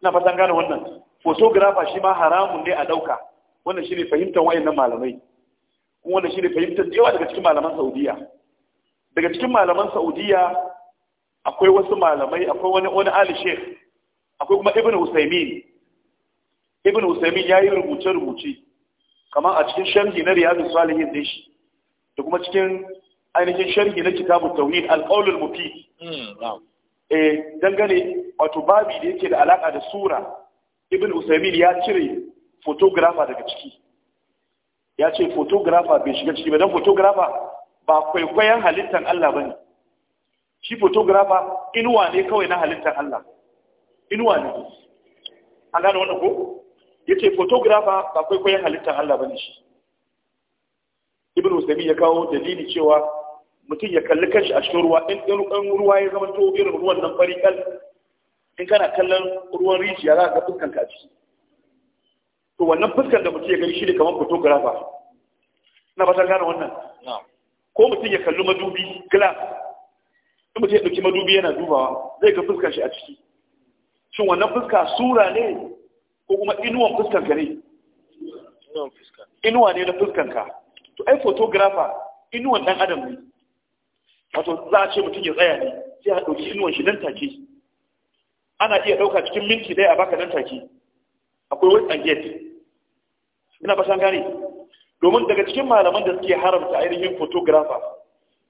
ina fatan gane wannan photographer shi ma haramun ne a ɗauka wannan shi ne fahimtar wayannan malamai kuma wannan shi ne fahimtar yawa daga cikin malaman saudiya daga cikin malaman saudiya akwai wasu malamai akwai wani wani ali sheikh akwai kuma ibn usaimin ibn usaimin ya yi rubuce-rubuce kamar a cikin sharhi na riyadu salihin da shi da kuma cikin ainihin sharhi na kitabu tauhid alƙaulul mufi hmm, eh dangane wato babi da yake da alaƙa da sura ibn usaimin ya cire photographer daga ciki ya ce photographer bai shiga ciki ba don photographer ba kwaikwayon halittar Allah ba ne shi photographer inuwa ne kawai na halittar Allah inuwa ne an gane wannan ko yace photographer ba kwaikwayon halitta Allah bane shi ibn usaymi ya kawo dalili cewa mutum ya kalli kanshi a cikin ruwa in ɗan ruwa ya zama to irin ruwan nan fari kal in kana kallon ruwan rijiya za ka ga fuskan ka a ciki to wannan fuskan da mutum ya gani shi ne kamar photographer na fatan gane wannan ko mutum ya kalli madubi glass in mutum ya ɗauki madubi yana dubawa zai ga fuskan shi a ciki shin wannan fuska sura ne ko kuma inuwan fuskanka ne inuwa ne na fuskanka to ai photographer inuwan dan adam ne wato za a ce mutum ya tsaya ne sai a ɗauki inuwan shi nan take ana iya ɗauka cikin minti ɗaya a baka nan take akwai wait and get ina ba san gane domin daga cikin malaman da suke haramta ainihin photographer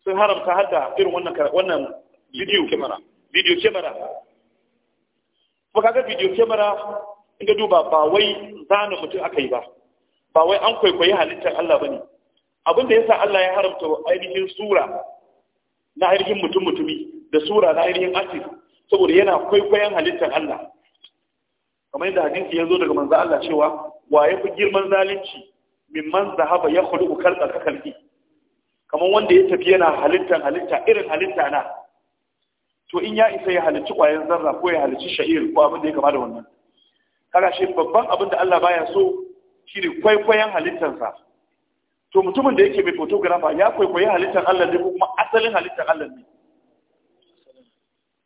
sun haramta har da irin wannan wannan video camera video camera kuma ga video camera in ga duba ba wai zana mutum aka yi ba ba wai an kwaikwayi halittar Allah ba ne abin da ya sa Allah ya haramta ainihin sura na ainihin mutum mutumi da sura na ainihin asir saboda yana kwaikwayon halittar Allah kamar yadda hadisi ya zo daga manzo Allah cewa wa ya fi girman zalunci min man zahaba ya khuluqu kalqa kalqi kamar wanda ya tafi yana halittar halitta irin halitta na to in ya isa ya halicci kwayan zarra ko ya halicci sha'ir ko abin da ya kama da wannan kaga shi babban abin da Allah baya so shine kwaikwayon halittarsa to mutumin da yake mai photographer ya kwaikwayi halittar Allah ne ko kuma asalin halittar Allah ne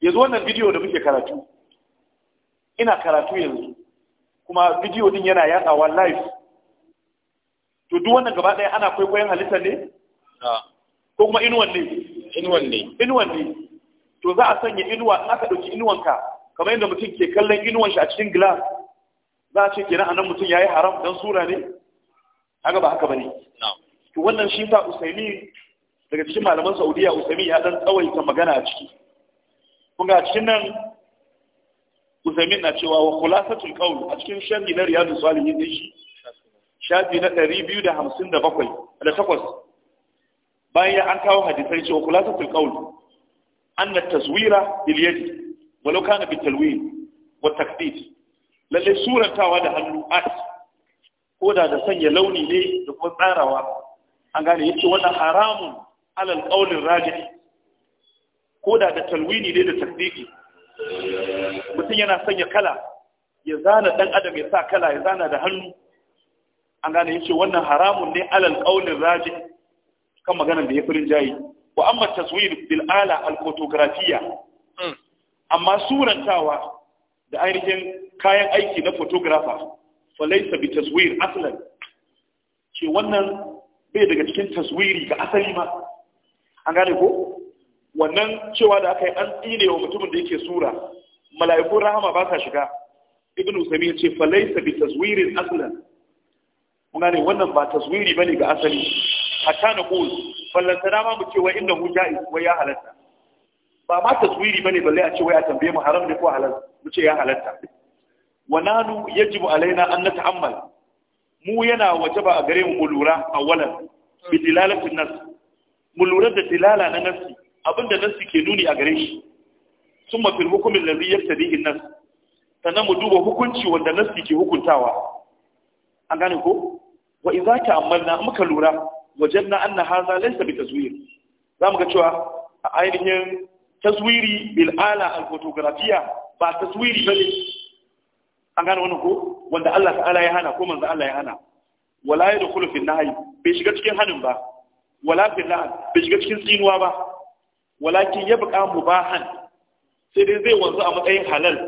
yanzu wannan bidiyo da muke karatu ina karatu yanzu kuma bidiyo din yana yadawa live to duk wannan gaba ɗaya ana kwaikwayon halittar ne ah. ko kuma inuwan ne inuwan ne inuwan ne to za a sanya inuwa in aka ɗauki inuwanka kamar yadda mutum ke kallon inuwan shi a cikin glass za a ce kenan anan mutum yayi haram dan sura ne haka ba haka bane to wannan shi sa usaimi daga cikin malaman saudiya usaimi ya dan tsawaita magana a ciki kun ga cikin nan usaimi na cewa wa khulasatul qawl a cikin sharhi na riyadus salihin din shi shafi na 257 da takwas bayan an kawo hadisai cewa khulasatul qawl anna taswira bil yadi walau kana bitalwin wa taqdid lalle surantawa da hannu at. ko da da sanya launi ne da kuma tsarawa an gane yace wannan haramun alal qawlin rajih ko da da talwini ne da tasdiki mutum yana sanya kala ya zana dan adam ya sa kala ya zana da hannu an gane yace wannan haramun ne alal qawlin rajih kan maganar da ya furin jayi wa amma taswir bil ala al photographiya hmm. amma surantawa da ainihin kayan aiki na photographer falaisa bi taswir aslan ce wannan bai daga cikin taswiri ga asali ma an gane ko wannan cewa da aka yi an tsine wa mutumin da yake sura mala'ikun rahama ba sa shiga ibn usami ya ce falaisa bi taswirin aslan mun gane wannan ba taswiri bane ga asali hatta na qul fallantana ma mu ce wa innahu ja'iz wa ya halatta ba ma taswiri bane balle a ce waya tambaye mu haram ne ko halal mu ce ya halatta wa nanu yajibu alaina an nata'ammal mu yana wajaba a gare mu mu lura awalan bi dilalatin nas mu lura da dilala na nafsi abinda nafsi ke nuni a gare shi summa fil hukmi alladhi yaftadihi nas tana mu duba hukunci wanda nafsi ke hukuntawa an gane ko wa idza ta'ammalna muka lura wajanna anna hadha laysa bi tazwir zamu ga cewa a ainihin taswiri bil ala al fotografiya ba taswiri bane an gane wannan ko wanda Allah ta'ala ya hana ko manzo Allah ya hana wala dukulu fil nahy bai shiga cikin hanin ba wala fil la bai shiga cikin tsinuwa ba walakin buƙa mubahan sai dai zai wanzu a matsayin halal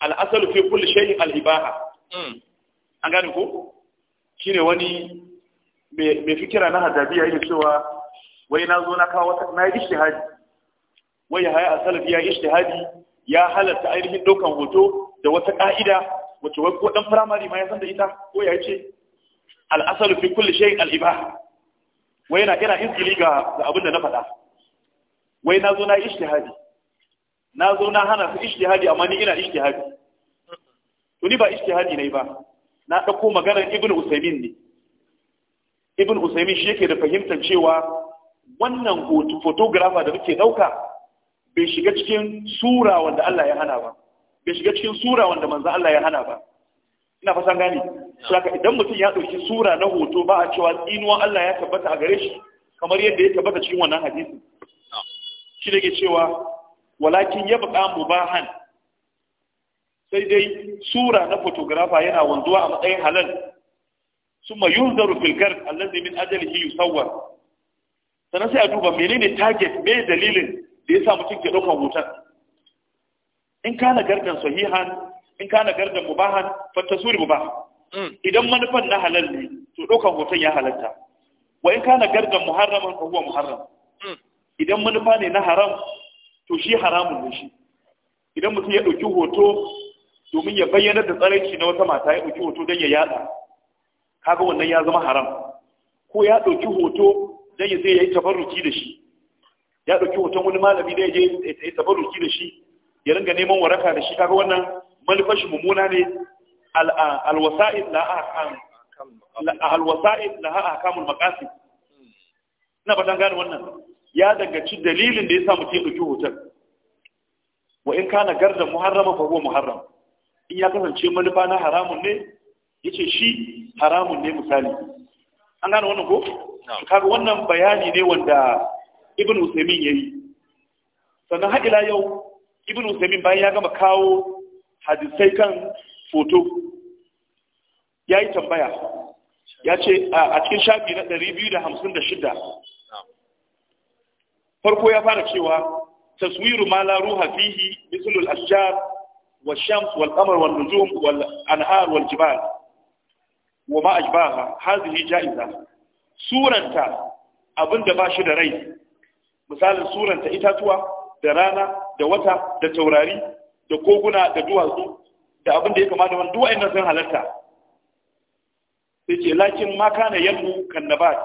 al asalu fi kulli shay'in al ibaha hmm. an gane ko shine wani mai fikira na hadabiya yake cewa wai na zo na kawo na yi ishtihadi wai haya a salafi ya ishtihadi ya halatta ainihin ɗaukan hoto da wata ƙa'ida wacce wai ko ɗan firamare ma ya san da ita ko ya ce al'asalu fi kulli shay al'iba wai yana ina izgili ga abin da na faɗa wai na zo na ishtihadi na zo na hana su ishtihadi amma ni ina ishtihadi to ni ba ishtihadi ne ba na ɗauko maganar ibn usaimin ne ibn usaimin shi yake da fahimtar cewa wannan hoto photographer da muke ɗauka bai shiga cikin sura wanda Allah ya hana ba bai shiga cikin sura wanda manzo Allah ya hana ba ina fasan gani saka idan mutum ya dauki sura na hoto ba a cewa inuwa Allah ya tabbata a gare shi kamar yadda ya tabbata cikin wannan hadisi shi ne ke cewa walakin ya buƙa mubahan sai dai sura na photographer yana wanzuwa a matsayin halal summa yunzaru fil gard allazi min ajalihi yusawwar sannan sai a duba menene target me dalilin da ya sa mutum ke ɗaukan hoton in kana gardan sahihan in kana gardan mubahan mu ba. Mm. idan manufan na halal ne to ɗaukan hoton ya halatta wa in kana gardan muharraman fa huwa muharram mm. idan manufa ne na haram to shi haramun ne shi idan mutum ya ɗauki hoto domin ya bayyana da tsaraici na wata mata ya ɗauki hoto don ya yaɗa, kaga wannan ya zama haram ko ya ɗauki hoto don ya zai ya yi tabarruki da shi ya ɗauki hoton wani malami da ya je ya tabaruki da shi ya ringa neman waraka da shi kaga wannan manufashi mummuna ne alwasa'il a ahkamul makasi ina ba gane wannan ya ci dalilin da ya sa mutum ya ɗauki hoton wa in kana garda muharrama fa huwa muharram in ya kasance manufa na haramun ne yace shi haramun ne misali an gane wannan ko kaga wannan bayani ne wanda ibn usaimin ya yi sannan haƙila yau ibn usaimin bayan ya gama kawo hadisai kan foto ya yi tambaya ya ce a cikin shafi na 256 farko ya fara cewa taswiru ma la ruha fihi mislul ashjar wa shams wal qamar wal nujum wal anhar wal jibal wa ma ajbaha hadhihi jaiza suranta abinda ba shi da rai misalin suranta itatuwa da rana da wata da taurari da koguna da duwatsu da abin da ya kama da wani duwa inda sun halarta sai ce lakin ma kana yalmu kan nabat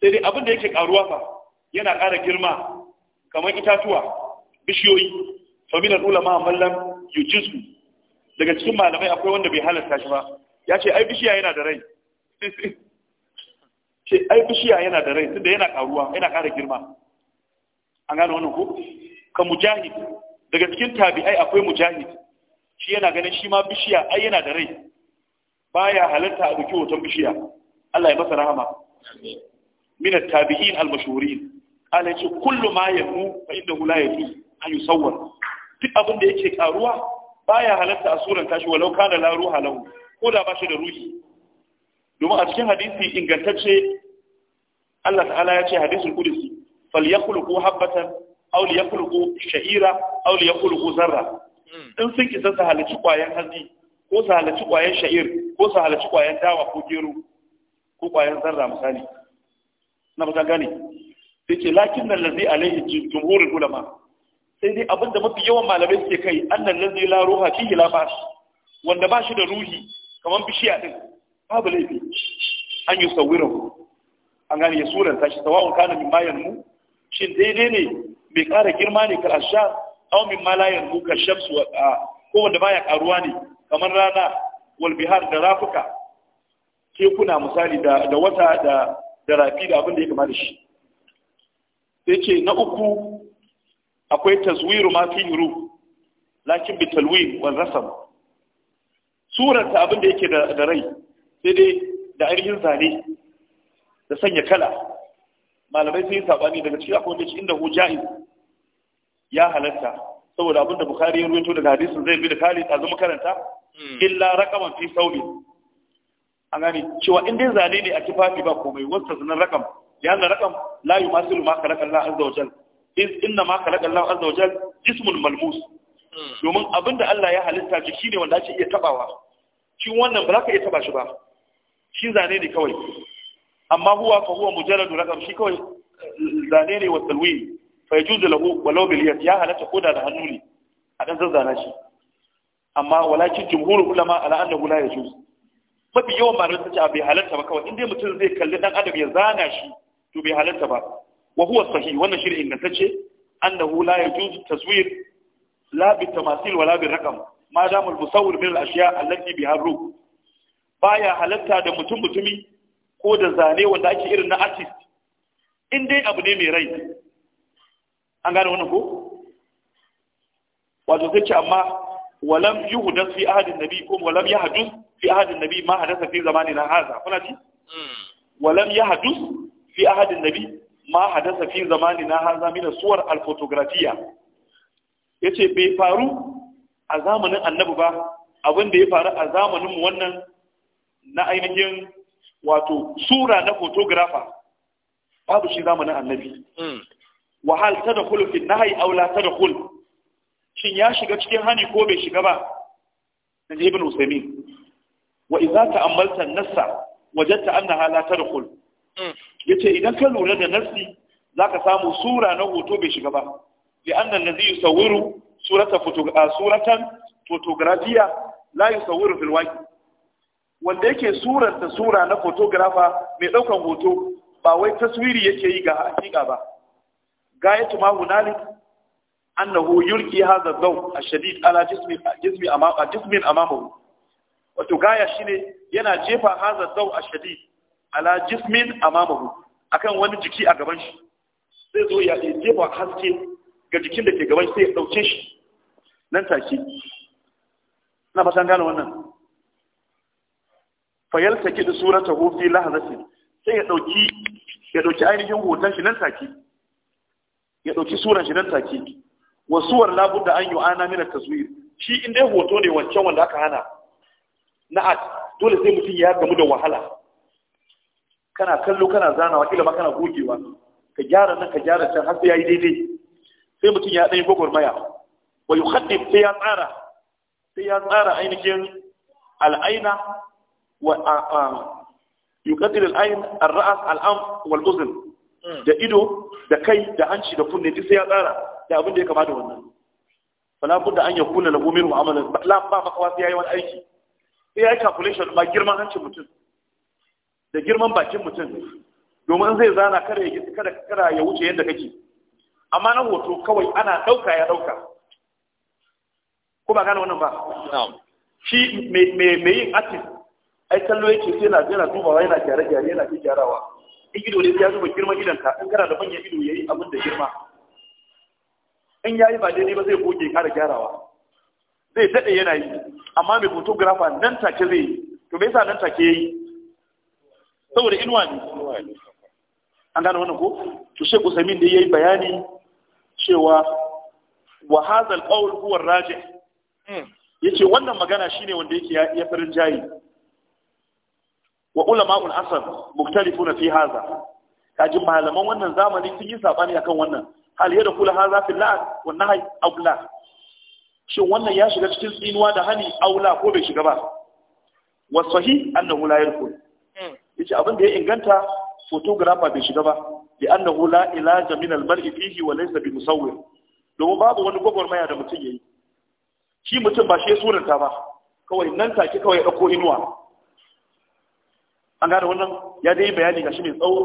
sai dai abin da yake karuwa fa yana ƙara girma kamar itatuwa bishiyoyi fa min ulama man lam daga cikin malamai akwai wanda bai halarta shi ba ya ce ai bishiya yana da rai (laughs) ce ai bishiya yana da rai tunda yana karuwa yana ƙara girma an gane wannan ku? ka mujahid daga cikin tabi'ai akwai mujahid shi yana ganin shi ma bishiya ai yana da rai baya halarta a duki hoton bishiya Allah ya masa rahama min at-tabi'in al-mashhurin ala yace kullu ma yamu fa innahu la yafi an yusawwar duk abin da yake karuwa baya halarta a suran tashi walau kana la ruha lahu ko da ba shi da ruhi domin a cikin hadisi ingantacce Allah ta'ala ya ce falyakhluqu habatan aw liyakhluqu sha'ira aw liyakhluqu zarra in sun kisa su halaci kwayan hazi ko su halaci kwayan sha'ir ko su halaci kwayan dawa ko gero ko kwayan zarra misali na ba ta gane sai ce lakin nan lazi alaihi jumhurul ulama sai dai abinda mafi yawan malamai suke kai annan lazi la ruha fihi la bas wanda ba shi da ruhi kamar bishiya din babu laifi an yi sawirin an gane ya suranta shi sawa'un kana min bayan mu shin daidai ne mai ƙara girma ne ka asha aw min ma shamsu ko wanda baya karuwa ne kamar rana walbihar da rafuka tekuna misali da da wata da rafi da abin da ya kama shi sai ce na uku akwai taswiru ma fi yuru lakin bi talwin wal rasam surarta abin da yake da rai sai dai da ainihin zane da sanya kala malamai sun yi sabani daga cikin akwai wanda inda hu ja'iz ya halatta saboda abinda bukhari ya ruwaito daga hadisin zai bi da kari a zama karanta hmm. illa raqaman fi sauri. an gani cewa in dai zane ne a kifafi ba komai wasu tsanin rakam ya hanzar rakam la yi masu ma kalakar la azza wajal inna ma kalakar la azza wajal ismul malmus hmm. domin abinda Allah ya halitta jiki ne wanda ake iya tabawa shi wannan ba za ka iya taba shi ba shi zane ne kawai amma huwa fa huwa mujarradu raqam shi kawai eh, zane ne wa talwi fa yajuzu lahu walau bil yad ya halatta koda da hannu ne a dan zazzana shi amma walakin jumhurul ulama ala annahu la yajuz mafi yawan malamai sun ce a bai halarta ba kawai inda mutum zai kalli dan adam ya zana shi to bai halarta ba wa huwa sahih wannan shirin ingantacce annahu la yajuz taswir la bi tamasil wala bi raqam ma dama al musawwir min al ashiya allati biha ruh baya halarta da mutum mutumi ko da zane wanda ake irin na artist in dai abu ne mai rai an gane wannan ko wato zai ce amma walam yuhdas fi ahadin nabi ko walam hadu fi ahadin nabi ma hadasa fi na haza kuna ci hmm. walam hadu fi ahadin nabi ma hadasa fi na haza, mina suwar alfotografiya. Ya ce bai faru a zamanin annabi ba abin da ya faru a zamanin wannan na ainihin wato sura na photographer babu shi zamanin annabi hmm. wa hal tadkhulu fi nahyi aw la tadkhul shin ya shiga cikin hani ko bai shiga ba naji ibn usaymin wa idza ta'ammalta an-nassa wajadta annaha la tadkhul hmm. yace idan ka lura da za zaka samu sura na hoto bai shiga ba li anna allazi yusawwiru surata ah, suratan fotografiya la yi fil waqi wanda yake surarta sura na photographer mai ɗaukan hoto ba wai taswiri yake yi ga hakika ba gayatu ma hunali annahu yurki, hadha dhaw ashadid ala jismi jismi amama jismin amamahu wato gaya shine yana jefa hadha dhaw ashadid ala jismin amamahu akan wani jiki a gaban shi sai zo ya jefa haske ga jikin da ke gaban sai ya dauke shi nan take ina fatan gane wannan fayal saki da surata hufi lahazati sai ya dauki ya dauki ainihin hoton shi nan take ya dauki suran shi nan take wa suwar budda an yi ana mina taswir shi in dai hoto ne wancan wanda aka hana na at dole sai mutum ya gamu da wahala kana kallo kana zanawa kila ma kana gogewa ka gyara nan ka gyara can har sai yayi daidai sai mutum ya yi gwagwarmaya wa yukhaddib sai ya tsara sai ya tsara ainihin al'aina يقدر العين الرأس الأنف والأذن da ido da kai da hanci da kunne duk sai ya tsara da abin da ya kama da wannan fala budda an yakuna lahu minhu amalan la ba makawa sai yayi wani aiki sai yayi calculation ma girman hancin mutum da girman bakin mutum domin zai zana kada ya kada kada ya wuce yadda kake amma na hoto kawai ana dauka ya dauka ko ba gane wannan ba shi me yin artist ai kallo yake sai na yana wai yana gyare gyare yana ta gyarawa in ido ne ya zuba girma gidanka. ka in kana da manyan ido yayi abin da girma in yayi ba daidai ba zai goge kara gyarawa zai dade yana yi amma mai photographer nan take zai yi to me yasa nan take yayi saboda inuwa ne an gano wannan ko to ku samin da yayi bayani cewa wa hadha al-qawl huwa ar-rajih hmm. yace wannan magana shine wanda yake ya farin jayi wa ulama'ul asr muktalifuna fi hadha kaji malaman wannan zamani sun yi sabani akan wannan hal yada kula hadha fil la'an wa nahy la shin wannan ya shiga cikin tsinuwa da hani la ko bai shiga ba wa sahih annahu la yadkhul hmm. yace abin da ya inganta photographer bai shiga ba bi annahu la ilaja min al mar'i fihi wa laysa bi musawwir domin babu wani gwagwarmaya da mutum ya yi. shi mutum ba shi ya suranta ba kawai nan take kawai ya dauko inuwa an gane wannan ya dai bayani ga shi mai tsawo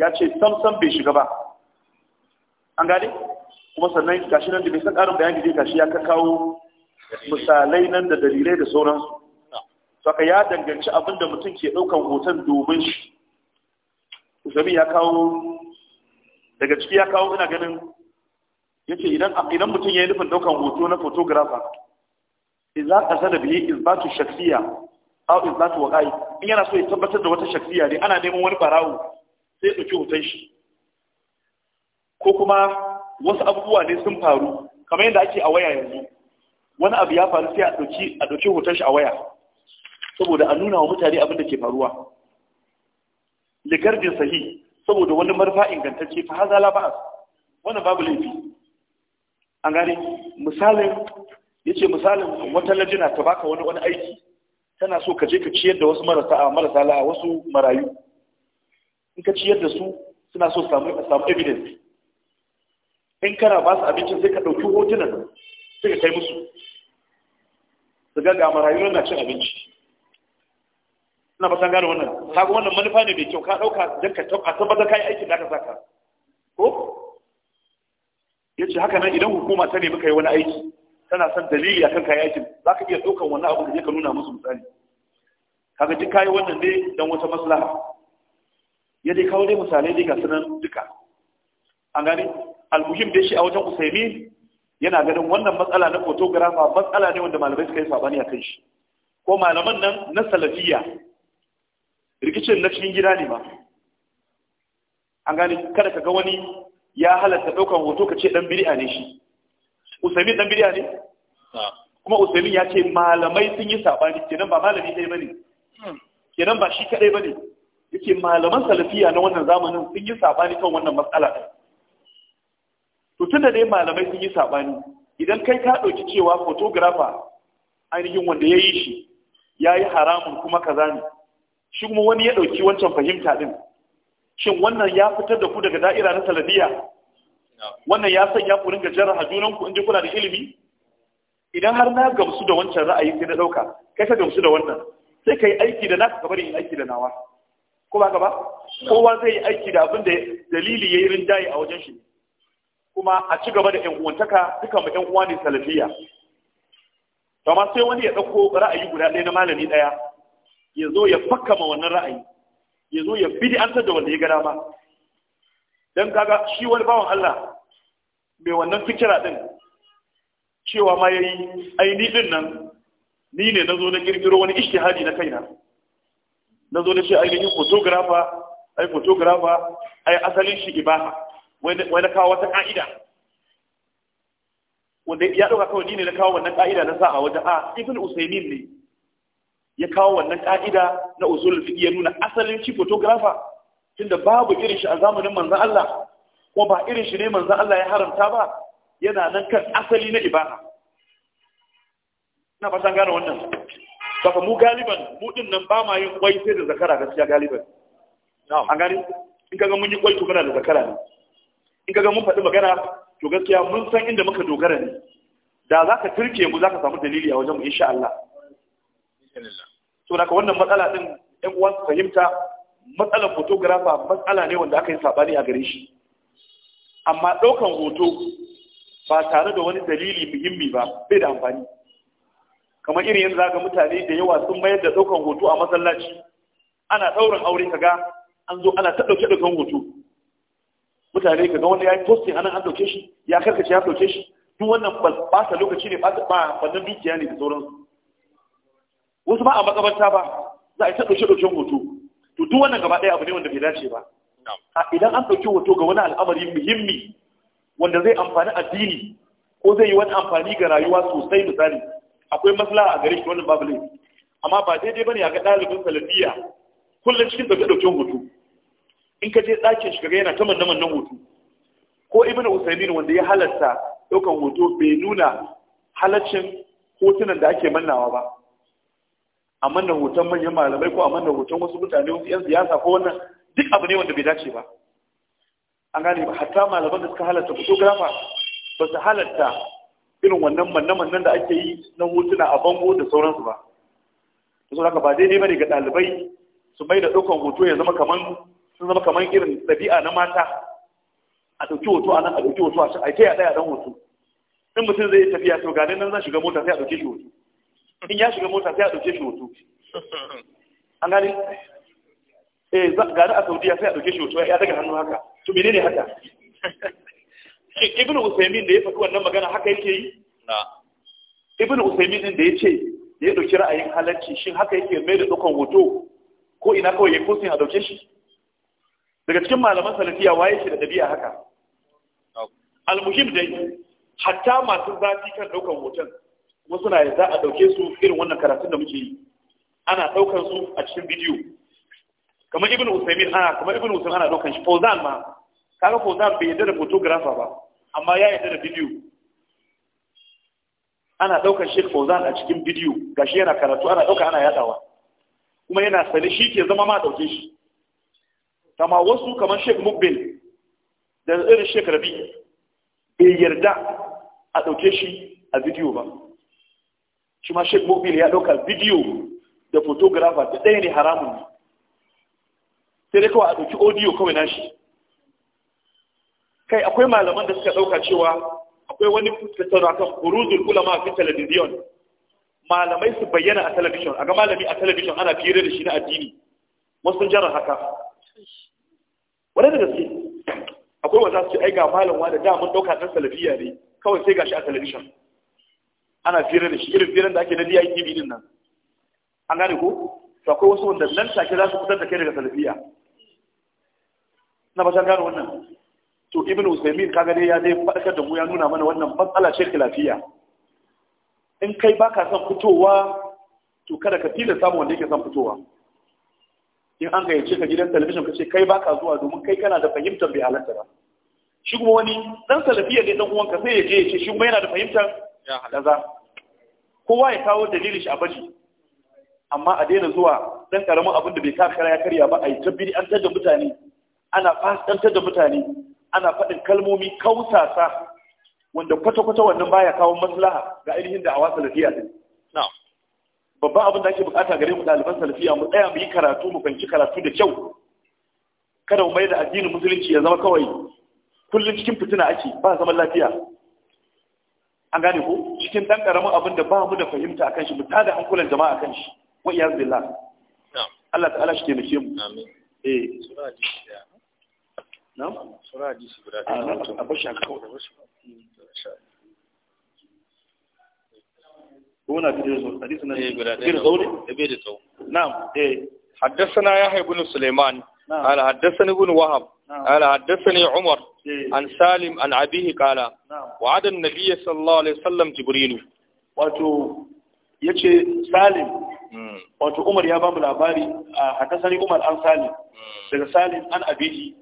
ya ce samsam bai shiga ba an gane kuma sannan gashi nan da bai san ƙarin bayani dai gashi ya ka kawo misalai nan da dalilai da sauransu ka ya danganci abinda mutum ke ɗaukan hoton domin shi usami ya kawo daga ciki ya kawo ina ganin yace idan idan mutum ya yi nufin ɗaukan hoto na photographer idza qasada bihi isbatu shakhsiyya aw islatu Wakai, in yana so ya tabbatar da wata shakhsiya ne ana neman wani barawo sai ɗauki hoton shi ko kuma wasu abubuwa ne sun faru kamar yadda ake a waya yanzu wani abu ya faru sai a ɗauki a ɗauki hoton shi a waya saboda a nuna wa mutane abin da ke faruwa ligardin sahi saboda wani marfa ingantacce fa haza la wannan babu laifi an gane misalin yace misalin wata lajina ta baka wani wani aiki tana so ka je ka ciyar da wasu marasa a marasa la'a wasu marayu in ka ciyar da su suna so samu samu evidence in kana ba su abinci sai ka ɗauki hotunan sai ka kai musu su ga ga marayu na cin abinci ina fatan gane wannan kaga wannan manufa ne mai kyau ka ɗauka don ka tabbatar kayan aikin da aka saka ko yace haka nan idan hukuma ta nemi kai wani aiki Tana son dalili akan kayan za ka iya ɗaukan wannan abu da je ka nuna musu misali kaga duk kayi wannan ne don wata maslaha ya dai kawo dai misalai dai ga sunan duka an al-muhim dai shi a wajen usaimi yana ganin wannan matsala na photographer matsala ne wanda malamai suka yi sabani a kan shi ko malaman nan na salafiya rikicin na cikin gida ne ma an gani, kada ka ga wani ya halatta ɗaukar hoto ka ce ɗan biri'a ne shi usaimin dan bidiya ne kuma usaimin ya ce malamai sun yi sabani kenan ba malami ɗaya bane hmm. kenan ba shi kadai bane yake malaman salafiya na wannan zamanin sun yi sabani kan wannan matsala ɗin to da dai malamai sun yi sabani idan kai ka ɗauki cewa photographer ainihin wanda ya yi shi ya yi haramun kuma kaza ne shi kuma wani ya ɗauki wancan fahimta ɗin shin wannan ya fitar da ku daga da'ira na salafiya wannan ya sanya ku ringa jarraha junanku ku in ji kuna da ilimi idan har na gamsu da wancan ra'ayi sai na dauka kai ka gamsu da wannan sai kai aiki da naka ka bari aiki da nawa ko ba ka ba kowa zai yi aiki da abin da dalili yayi rinjaye a wajen shi kuma a ci gaba da yan uwantaka duka mu yan uwa ne salafiya amma sai wani ya dauko ra'ayi guda ɗaya na malami ɗaya ya zo ya fakka ma wannan ra'ayi ya zo ya da wanda ya ga dama dan kaga shi wani bawan Allah mai wannan fikira din cewa ma yayi ai ni din nan ni ne nazo na girgiro wani ishtihadi na kaina nazo na ce ai ni photographer ai photographer ai asalin shi ibaha wai na kawo wata ka'ida wanda ya dauka kawai ni ne na kawo wannan ka'ida na sa a wajen a ah, ibn usaymin ne ya kawo wannan ka'ida na usulul fiqh ya nuna asalin shi photographer tunda babu irin shi a zamanin manzo Allah ko ba irin shi ne manzo Allah ya haramta ba yana nan kan asali na ibada ina fatan gane wannan saka mu galiban mu din nan ba ma yin kwai sai da zakara gaskiya galiban Na'am an gani in kaga mun yi kwai to muna da zakara ne in kaga mun faɗi magana to gaskiya mun san inda muka dogara ne da za ka turke mu za ka samu dalili a wajen mu insha Allah to da wannan matsala din ɗan uwan fahimta matsalar fotografa matsala ne wanda aka yi sabani a gare shi amma ɗaukan hoto ba tare da wani dalili muhimmi ba bai da amfani kamar irin yanzu zaga mutane da yawa sun mayar da ɗaukan hoto a masallaci ana ɗaurin aure kaga an zo ana ta ɗauke ɗaukan hoto mutane kaga wanda ya yi posting anan an ɗauke shi ya karkace ya ɗauke shi duk wannan ba ta lokaci ne ba ba wannan dukiya ne da sauransu wasu ba a makabarta ba za a yi ta ɗauke ɗauken hoto to duk wannan gaba ɗaya abu ne wanda bai dace ba idan an ɗauki hoto ga wani al'amari muhimmi wanda zai amfani addini ko zai yi wani amfani ga rayuwa sosai misali akwai maslaha a gare shi wannan babu laifi amma ba daidai bane ya ga ɗalibin salafiya kullum cikin ɗauke ɗauken hoto in ka je ɗakin shi ga yana ta mannan hoto ko ibn usaimin wanda ya halarta ɗaukan hoto bai nuna halaccin hotunan da ake mannawa ba a manna hoton manyan malamai ko a manna hoton wasu mutane wasu 'yan siyasa ko wannan duk abu ne wanda bai dace ba an gane ba hatta malaman da suka halatta photographer ba su halatta irin wannan manne-mannen da ake yi na hotuna a bango da sauransu ba da sau haka ba daidai bane ga ɗalibai su mai da ɗaukan hoto ya zama kaman sun zama kaman irin ɗabi'a na mata a ɗauki hoto a nan a ɗauki hoto a can a kai a ɗaya ɗan hoto in mutum zai tafiya to ga nan zan shiga mota sai a ɗauke shi hoto in ya shiga mota sai a ɗauke shi hoto an gani eh gani a saudiya sai a ɗauke shi hoto ya daga hannu haka to mene ne haka ibnu usaimin da ya faɗi wannan magana haka yake yi ibnu usaimin din da ya ce da ya ɗauki ra'ayin halarci shin haka yake mai da ɗaukan hoto ko ina kawai ya kusa a ɗauke shi daga cikin malaman salafiya waye shi da ɗabi'a haka Al almuhim dai hatta masu zafi kan ɗaukan hoton Wasu suna yadda a ɗauke su irin wannan karatun da muke yi ana ɗaukar su a cikin bidiyo kamar ibn usaimin ana kamar ibn usaimin ana ɗaukar shi fozan ma kaga fozan bai yadda da photographer ba amma ya yadda da bidiyo ana ɗaukar shi fozan a cikin bidiyo gashi yana karatu ana ɗauka ana yaɗawa kuma yana sani shi ke zama ma ɗauke shi kama wasu kamar sheik mukbil da irin sheik rabi bai yarda a ɗauke shi a bidiyo ba shi ma sheik mobil ya ɗauka bidiyo da fotografa ta ɗaya ne haramun ne sai dai kawai a ɗauki audio kawai nashi kai akwai malaman da suka ɗauka cewa akwai wani sauran kan buruzul ulama fi talabijin malamai su bayyana a talabijin a ga malami a talabijin ana fiye da shi na addini wasu jarar haka Wani da gaske akwai wanda su ce ai ga malamwa da damar ɗauka ɗan salafiya ne kawai sai gashi a talabijin ana fira da shi irin firan da ake na DIY TV din nan an gane ko to akwai wasu wanda nan take za su fitar da kai daga salafiya na ba san gano wannan to ibn usaymin kaga dai ya dai fadakar da mu ya nuna mana wannan matsala ce lafiya. in kai baka son fitowa to kada ka tilasta samu wanda yake son fitowa in an gayyace ka gidan talabijin ka ce kai baka zuwa domin kai kana da fahimtar bai halatta ba shi kuma wani dan salafiya ne dan uwanka sai ya je ya ce shi kuma yana da fahimtar kaza kowa ya kawo dalilin shi a baji amma a daina zuwa dan karamin abin da bai ka kara ya karya ba a yi tabbiri an tada mutane ana da mutane ana faɗin kalmomi kausasa wanda kwata-kwata wannan baya kawo maslaha ga ainihin da a wasa din na'am babban abin da ake bukata gare mu ɗaliban salafiya mu tsaya mu yi karatu mu fahimci karatu da kyau kada mu mai da addinin musulunci ya zama kawai kullum cikin fitina ake ba zaman lafiya an gane ko cikin dan karamin abin da ba mu da fahimta akan shi mu da hankulan jama'a akan shi wa iyaz billah Allah ta'ala shi ke mu amin eh sura hadisi da na'am sura hadisi guda ta ah, a bashi aka kawo da wasu هنا حديثنا غير قولي غير قول نعم ايه حدثنا يحيى بن سليمان قال حدثني بن وهب قال حدثني عمر عن سالم عن أبيه قال وعد النبي صلى الله عليه وسلم جبريل واتو يجي سالم واتو عمر يا باب الأباري حدثني عمر عن سالم daga salim an abihi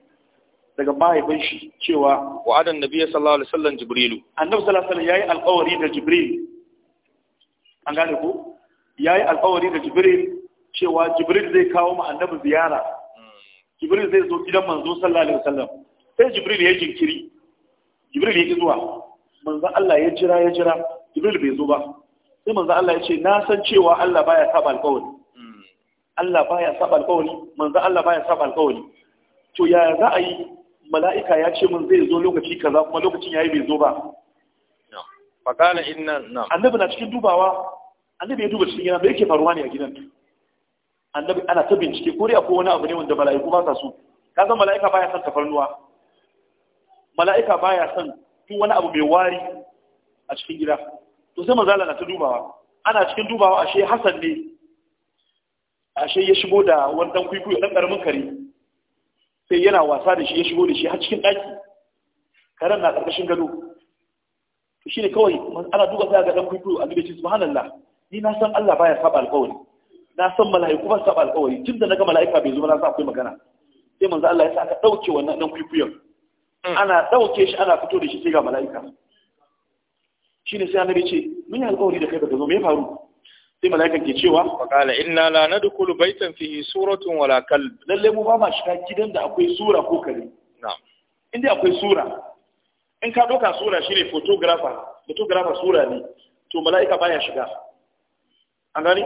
daga mahaifin shi cewa wa'adan nabiya sallallahu alaihi wasallam jibrilu annabi sallallahu alaihi wasallam yayi alƙawari da jibril an gane ko yayi alƙawari da jibril cewa jibril zai kawo mu annabi ziyara jibril zai zo gidan manzo sallallahu alaihi wasallam sai jibril ya jinkiri jibril ya ki zuwa manzo Allah ya jira ya jira jibril bai zo ba sai manzo Allah ya ce na san cewa Allah baya saba alƙawari hmm. Allah baya saba alƙawari manzo Allah baya saba alƙawari to ya za a yi mala'ika ya ce mun zai zo lokaci kaza kuma lokacin yayi bai zo ba fa kana inna annabi na cikin dubawa annabi ya duba cikin yana me yake faruwa ne a gidan annabi ana ta bincike ko riya ko wani abu ne wanda mala'iku ba sa so ka san mala'ika baya son tafarnuwa mala'ika baya son tun wani abu mai wari a cikin gida to sai manzala na ta dubawa ana cikin dubawa ashe Hassan ne ashe ya shigo da wani dan kwikwiyo dan karamin kare sai yana wasa da shi ya shigo da shi har cikin ɗaki karen na karkashin gado to shi ne kawai ana duba sai ga ɗan kwikwiyo a gidan shi subhanallah ni na san Allah baya saba alƙawari na san mala'iku ba su taɓa alƙawari tun da naga mala'ika bai zo na sa akwai magana sai manzo Allah ya sa aka ɗauke wannan nan kwikwiyon mm. ana ɗauke shi ana fito da shi sai ga mala'ika shi ne sai annabi ce mun yi alƙawari da kai daga zo me faru sai mala'ikan ke cewa qala inna la nadkhulu baytan fihi suratun wala kalb lalle mu ba ma shiga gidan da akwai sura ko kare na'am inda akwai sura in ka doka sura shine photographer photographer sura ne to mala'ika baya shiga an gani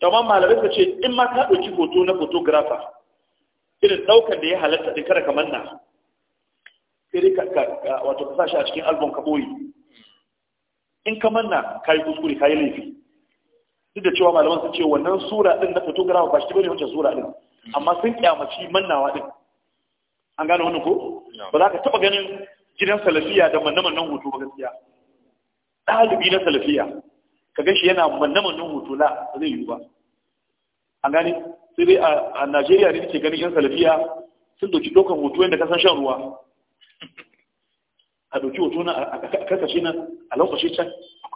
tamam malamai ka ce in ma ka ɗauki hoto na photographer irin daukar da ya halatta din kada ka manna sai ka wato ka sashi a cikin album ka ɓoye in ka manna ka yi kuskure ka yi laifi duk da cewa malaman sun ce wannan sura din na photographer ba shi bane wancan sura din. amma sun kyamaci mannawa din. an gane wannan ko ba za ka taɓa ganin gidan salafiya da manne-mannen hoto ba gaskiya ɗalibi na salafiya ka gashi yana manna-mannan mutula zai yiwu ba an gani sai dai a najeriya ne ke ganin yan salafiya sun doki dokan hoto yadda kasan shan ruwa a doki hoto na a kasashe na a lokaci can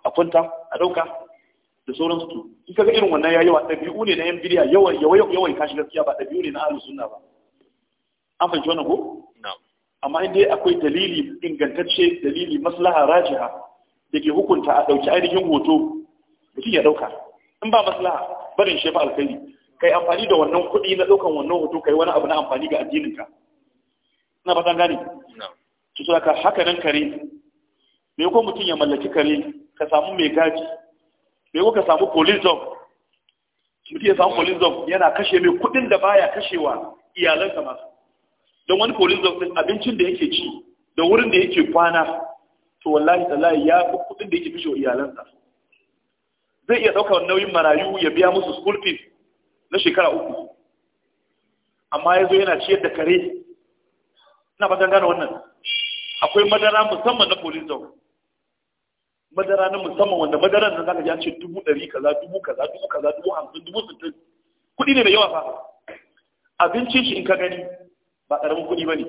a kwanta a dauka da sauran su in kaga irin wannan yayi wa dabi'u ne na yan bidiya yawan yawan yawan kashi gaskiya ba ɗabi'u ne na ahlus sunna ba an fahimci wannan ko amma inda akwai dalili ingantacce dalili maslaha rajiha da ke hukunta a dauki ainihin hoto mutum ya ɗauka in ba maslaha barin shefa alkhairi kai amfani da wannan kuɗi na ɗaukan wannan hoto kai wani abu na amfani ga addininka ina ba san gane to saka haka nan kare me ko mutum ya mallaki kare ka samu mai gaji me ko ka samu police dog mutum ya samu police dog yana kashe mai kuɗin da baya kashewa iyalansa masu don wani police dog din abincin da yake ci da wurin da yake kwana to wallahi tallahi ya fi kuɗin da yake wa iyalansa zai iya ɗaukar nauyin marayu ya biya musu school fees na shekara uku amma ya zo yana ciyar da kare ina fatan gane wannan akwai madara musamman na police zone madara na musamman wanda madaran nan zaka ji an ce dubu ɗari kaza dubu kaza dubu kaza dubu hamsin dubu sittin kuɗi ne mai yawa fa abincin shi in ka gani ba ƙaramin kuɗi ba ne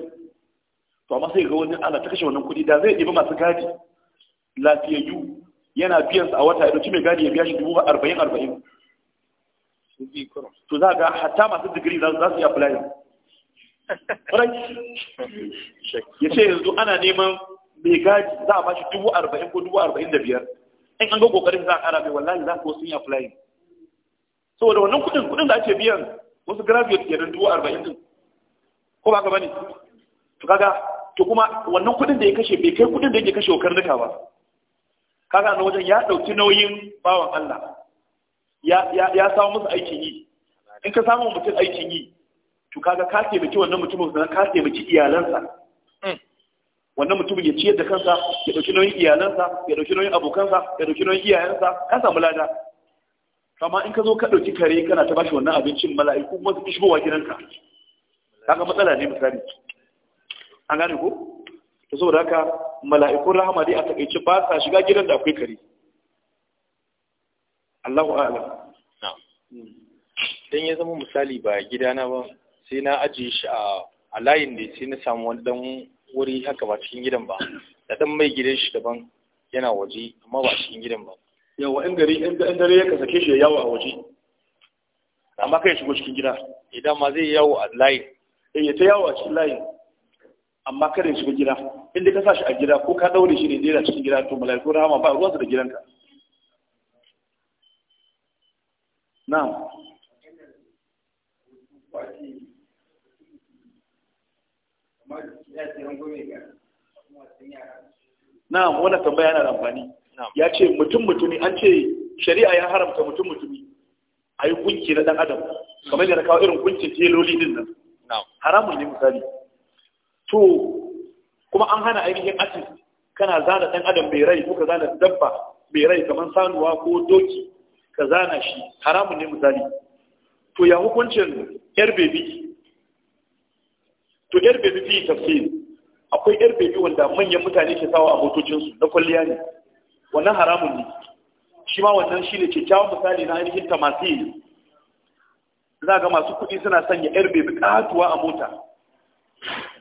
to amma sai ga wani ala ta kashe wannan kuɗi da zai ɗiba masu gadi lafiyayyu yana biyan a wata ya cime gadi ya biya shi dubu arba'in arba'in to za ga hatta masu digiri za su yi applying ya ce yanzu ana neman mai gadi za a bashi dubu arba'in ko dubu arba'in da biyar in an ga kokarin za a kara mai wallahi za su sun yi applying saboda wannan kudin kudin da ake biyan wasu graduate kenan dubu arba'in din ko ba ka bane to kaga to kuma wannan kudin da ya kashe bai kai kudin da yake kashe wa karnuka ba kaga na wajen ya ɗauki nauyin bawan Allah ya samu musu aikin yi in ka samu mutum aikin yi to kaga ka taimaki wannan mutumin sannan ka taimaki iyalansa hmm. wannan mutumin ya ciyar da kansa ya ɗauki nauyin iyalansa ya ɗauki nauyin abokansa ya ɗauki nauyin iyayensa ka samu lada Kamar in ka zo ka ɗauki kare kana ta bashi wannan abincin mala'iku kuma su shigo shigowa gidanka kaga matsala ne misali an gane ko zo da haka mala'ikun rahama dai a takaice ba sa shiga gidan da akwai kare Allahu a'lam Na. Don ya zama misali ba gidana ba sai na ajiye shi a layin da sai na samu wani ɗan wuri haka ba cikin gidan ba da dan mai gidan shi daban yana waje amma ba cikin gidan ba yawa ɗan gari ɗan dare ya sake shi yawo a waje amma kai shigo cikin gida idan eh, ma zai yawo a layin eh ya ta yawo a cikin layin amma kada ya shiga gida inda ka sashi shi a gida ko ka daure shi ne dera cikin gida to mala'iku rahama ba ruwansu da gidanka na'am na'am wannan tambaya yana da amfani ya ce mutum mutumi an ce shari'a ya haramta mutum mutumi a yi kunki na ɗan adam kamar yana kawo irin kunkin teloli din nan haramun ne misali to kuma an hana ainihin atis kana zana ɗan adam mai rai ko ka zana dabba mai rai kamar sanuwa ko doki ka zana shi haramun ne misali to ya hukuncin yar bebi to yar bebi fi tafsir akwai yar bebi wanda manyan mutane ke sawa a motocinsu na kwalliya ne wannan haramun ne shi ma wannan shi ne kyakkyawan misali na ainihin tamasi za ga masu kuɗi suna sanya yar bebi katuwa a mota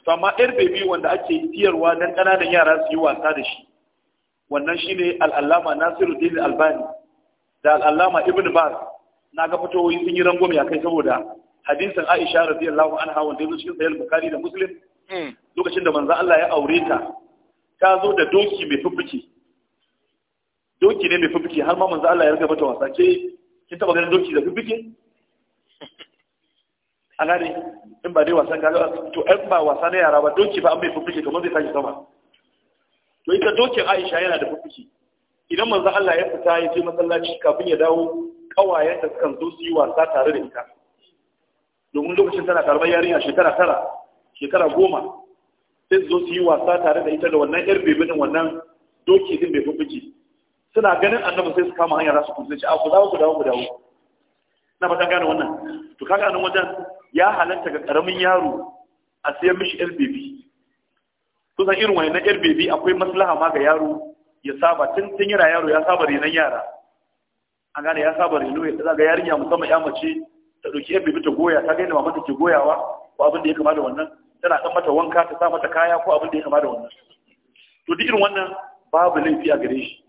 to amma yar bebi wanda ake siyarwa dan ƙananan yara su yi wasa da shi wannan shine al'allama nasiruddin albani da al'allama ibn baz na ga fitowoyi sun yi rangwame a kai saboda hadisin aisha radiyallahu anha wanda ya zo cikin sahih bukhari da muslim hmm. lokacin da manzo Allah ya aure ta ta zo da doki mai fuffuke doki ne mai fuffuke har ma manzo Allah ya riga mata wasa ke kin taba ganin doki da fuffuke (laughs) a gane in ba dai wasan kaga to ɗan ba wasa na yara ba doki ba an bai fuffuke kamar zai tashi sama to ita dokin aisha yana da fuffuke idan manzo Allah ya fita ya je masallaci kafin ya dawo kawayen da sukan zo su yi wasa tare da ita domin lokacin tana karɓar yarinya shekara tara shekara goma sai su zo su yi wasa tare da ita da wannan yar bebinin wannan doki din bai fuffuke suna ganin annabi sai su kama hanyar za su kusa a ku dawo ku dawo ku dawo na fatan gane wannan to kaga nan wajen ya halatta ga karamin yaro a siyan mishi yar bebi to san irin na yar bebi akwai maslaha ma ga yaro ya saba tun tun yana yaro ya saba renon yara an gane ya saba reno ya zaga yarinya musamman ya mace ta ɗauki yar bebi ta goya ta ga yadda mamanta ke goyawa ko abin da ya kama da wannan tana kan mata wanka ta sa mata kaya ko abin da ya kama da wannan to duk irin wannan babu laifi a gare shi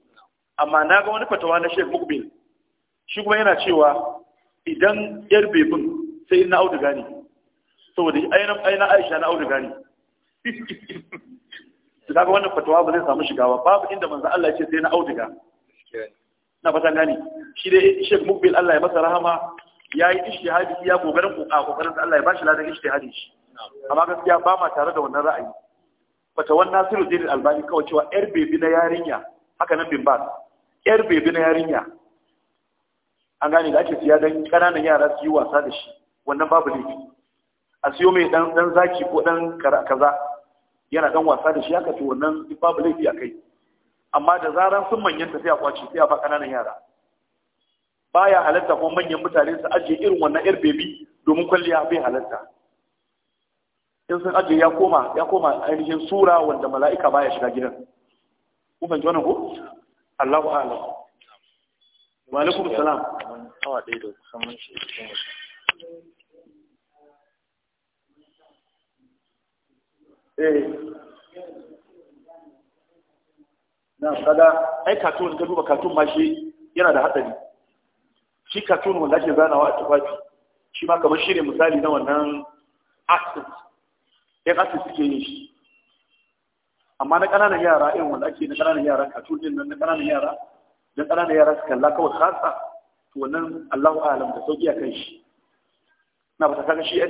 amma na ga wani fatawa na Sheikh Mukbil shi kuma yana cewa idan yar bebin sai in na auduga ne saboda ainihin aisha na auduga ne su kaga wannan fatawa ba zai samu shiga ba babu inda manzo Allah ce sai na auduga na fatan gani shi dai Sheikh mubil Allah ya masa rahama ya yi ishtihadi ya gogarin kuka kokarin sa Allah ya bashi ladan ishtihadi shi amma gaskiya ba ma tare da wannan ra'ayi fata wannan Nasiruddin Albani kawai cewa yar bebi na yarinya haka nan bin ba yar bebi na yarinya an gane da ake siya don ƙananan yara su yi wasa da shi wannan babu laifi a siyo mai dan zaki ko dan kaza yana dan wasa da shi haka to wannan babu laifi a kai amma da zaran sun manyanta sai a kwaci sai a ba kananan yara baya halatta kuma manyan mutane su ajiye irin wannan yar bebi domin kwalliya bai halatta in sun ajiye ya koma ya koma ainihin sura wanda mala'ika baya shiga gidan ku fahimci wannan ko Allahu a'lam wa alaikum salam awa dai da kusan mun shi eh na kada ai katun ka duba katun ma shi yana da hatsari shi katun wanda ake zanawa a tufafi shi ma kamar shi ne misali na wannan accent yan accent suke yin shi amma na ƙananan yara irin wanda ake na ƙananan yara katun din nan na ƙananan yara na ƙananan yara su kalla kawai khasa to wannan Allahu a'lam da sauki a kan shi na ba ta kaga shi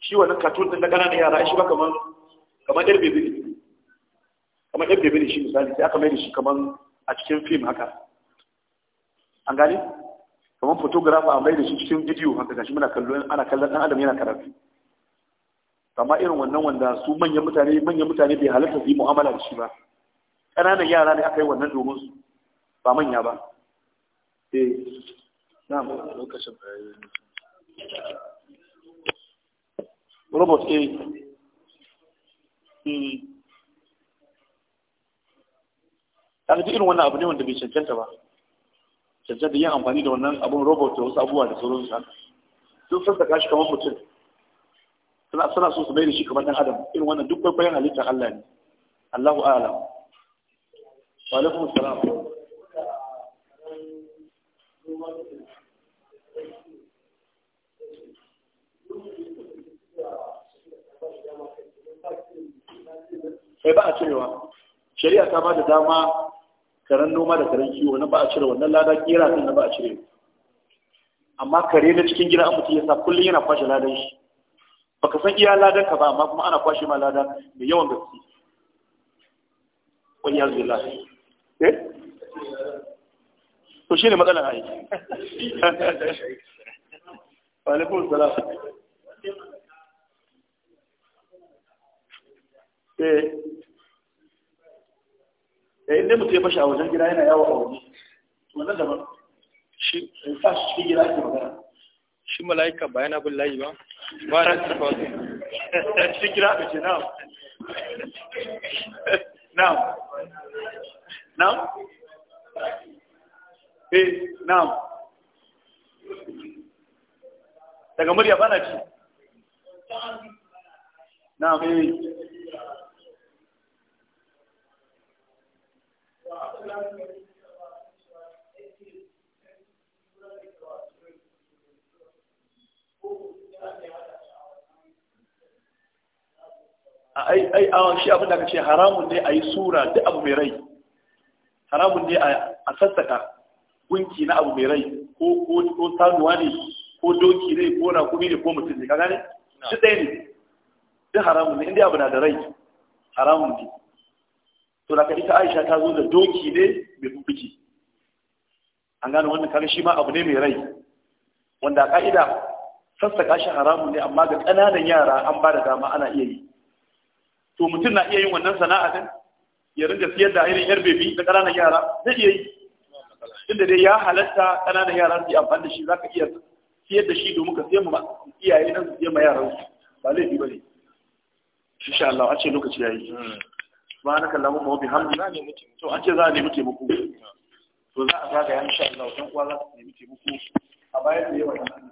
shi wannan katun din na ƙananan yara shi ba kamar kamar ɗan bebele kamar ɗan bebele shi misali sai aka mai da shi kamar a cikin fim haka an gani? kamar photographer a mai da shi cikin bidiyo haka gashi muna kallo ana kallon ɗan adam yana karatu amma irin wannan wanda su manyan mutane manyan mutane bai halatta su yi mu'amala da shi ba ƙananan yara ne aka yi wannan domin su ba manya ba eh na lokacin robot eh kaga duk irin wannan abu ne wanda bai cancanta ba cancanta yin amfani da wannan abun robot da wasu abubuwa da sauran duk sun saka shi kamar mutum suna suna so su mai da shi kamar dan adam irin wannan duk kwaikwayon halittar Allah ne Allahu a'lam wa alaikum assalam kai eh, ba a cirewa shari'a ta ba da dama karen noma da karen kiwo na ba a cire wannan lada kera sun na ba a cire amma kare na cikin gida an mutum ya sa kullum yana kwashe ladan shi baka san iya ladan ka ba amma kuma ana kwashe ma lada da yawan gaske wani yanzu la eh to shine matsalan ai (laughs) wa alaikum salam eh da eh, inda mutum ya bashi a wajen gida yana yawo a wani? to nan daban shi sa shi cikin gida ake magana shi mala'ika ba yana bin layi ba ba na cikin kwasin (laughs) cikin gida aka ce na'am na'am na'am eh na'am daga murya bana ci na'am eh ai ai shi abin da aka ce haramun ne a yi sura duk abu mai rai haramun ne a sassaka gunki na abu mai rai ko ko ko sanuwa ne ko doki ne ko kumi ne ko mutum ne ka gane shi ɗaya ne duk haramun ne inda abu na da rai haramun ne to da ita aisha ta zo da doki ne mai bubuki an gane wannan kaga shi ma abu ne mai rai wanda a ka'ida sassaka shi haramun ne amma ga ƙananan yara an ba da dama ana iya yi to mutum na iya yin wannan sana'a din ya ringa siyar da irin yar bebi da ƙananan yara zai iya yi tunda dai ya halatta ƙananan yara su yi amfani da shi za ka iya siyar da shi domin ka siya ma iyaye nan su siya ma yaran su ba laifi ba ne insha Allah a ce lokaci ya yayi subhanaka allahumma wa bihamdika to an ce za a nemi taimako to za a zagaya insha Allah dan uwa za su nemi taimako a bayan da yawa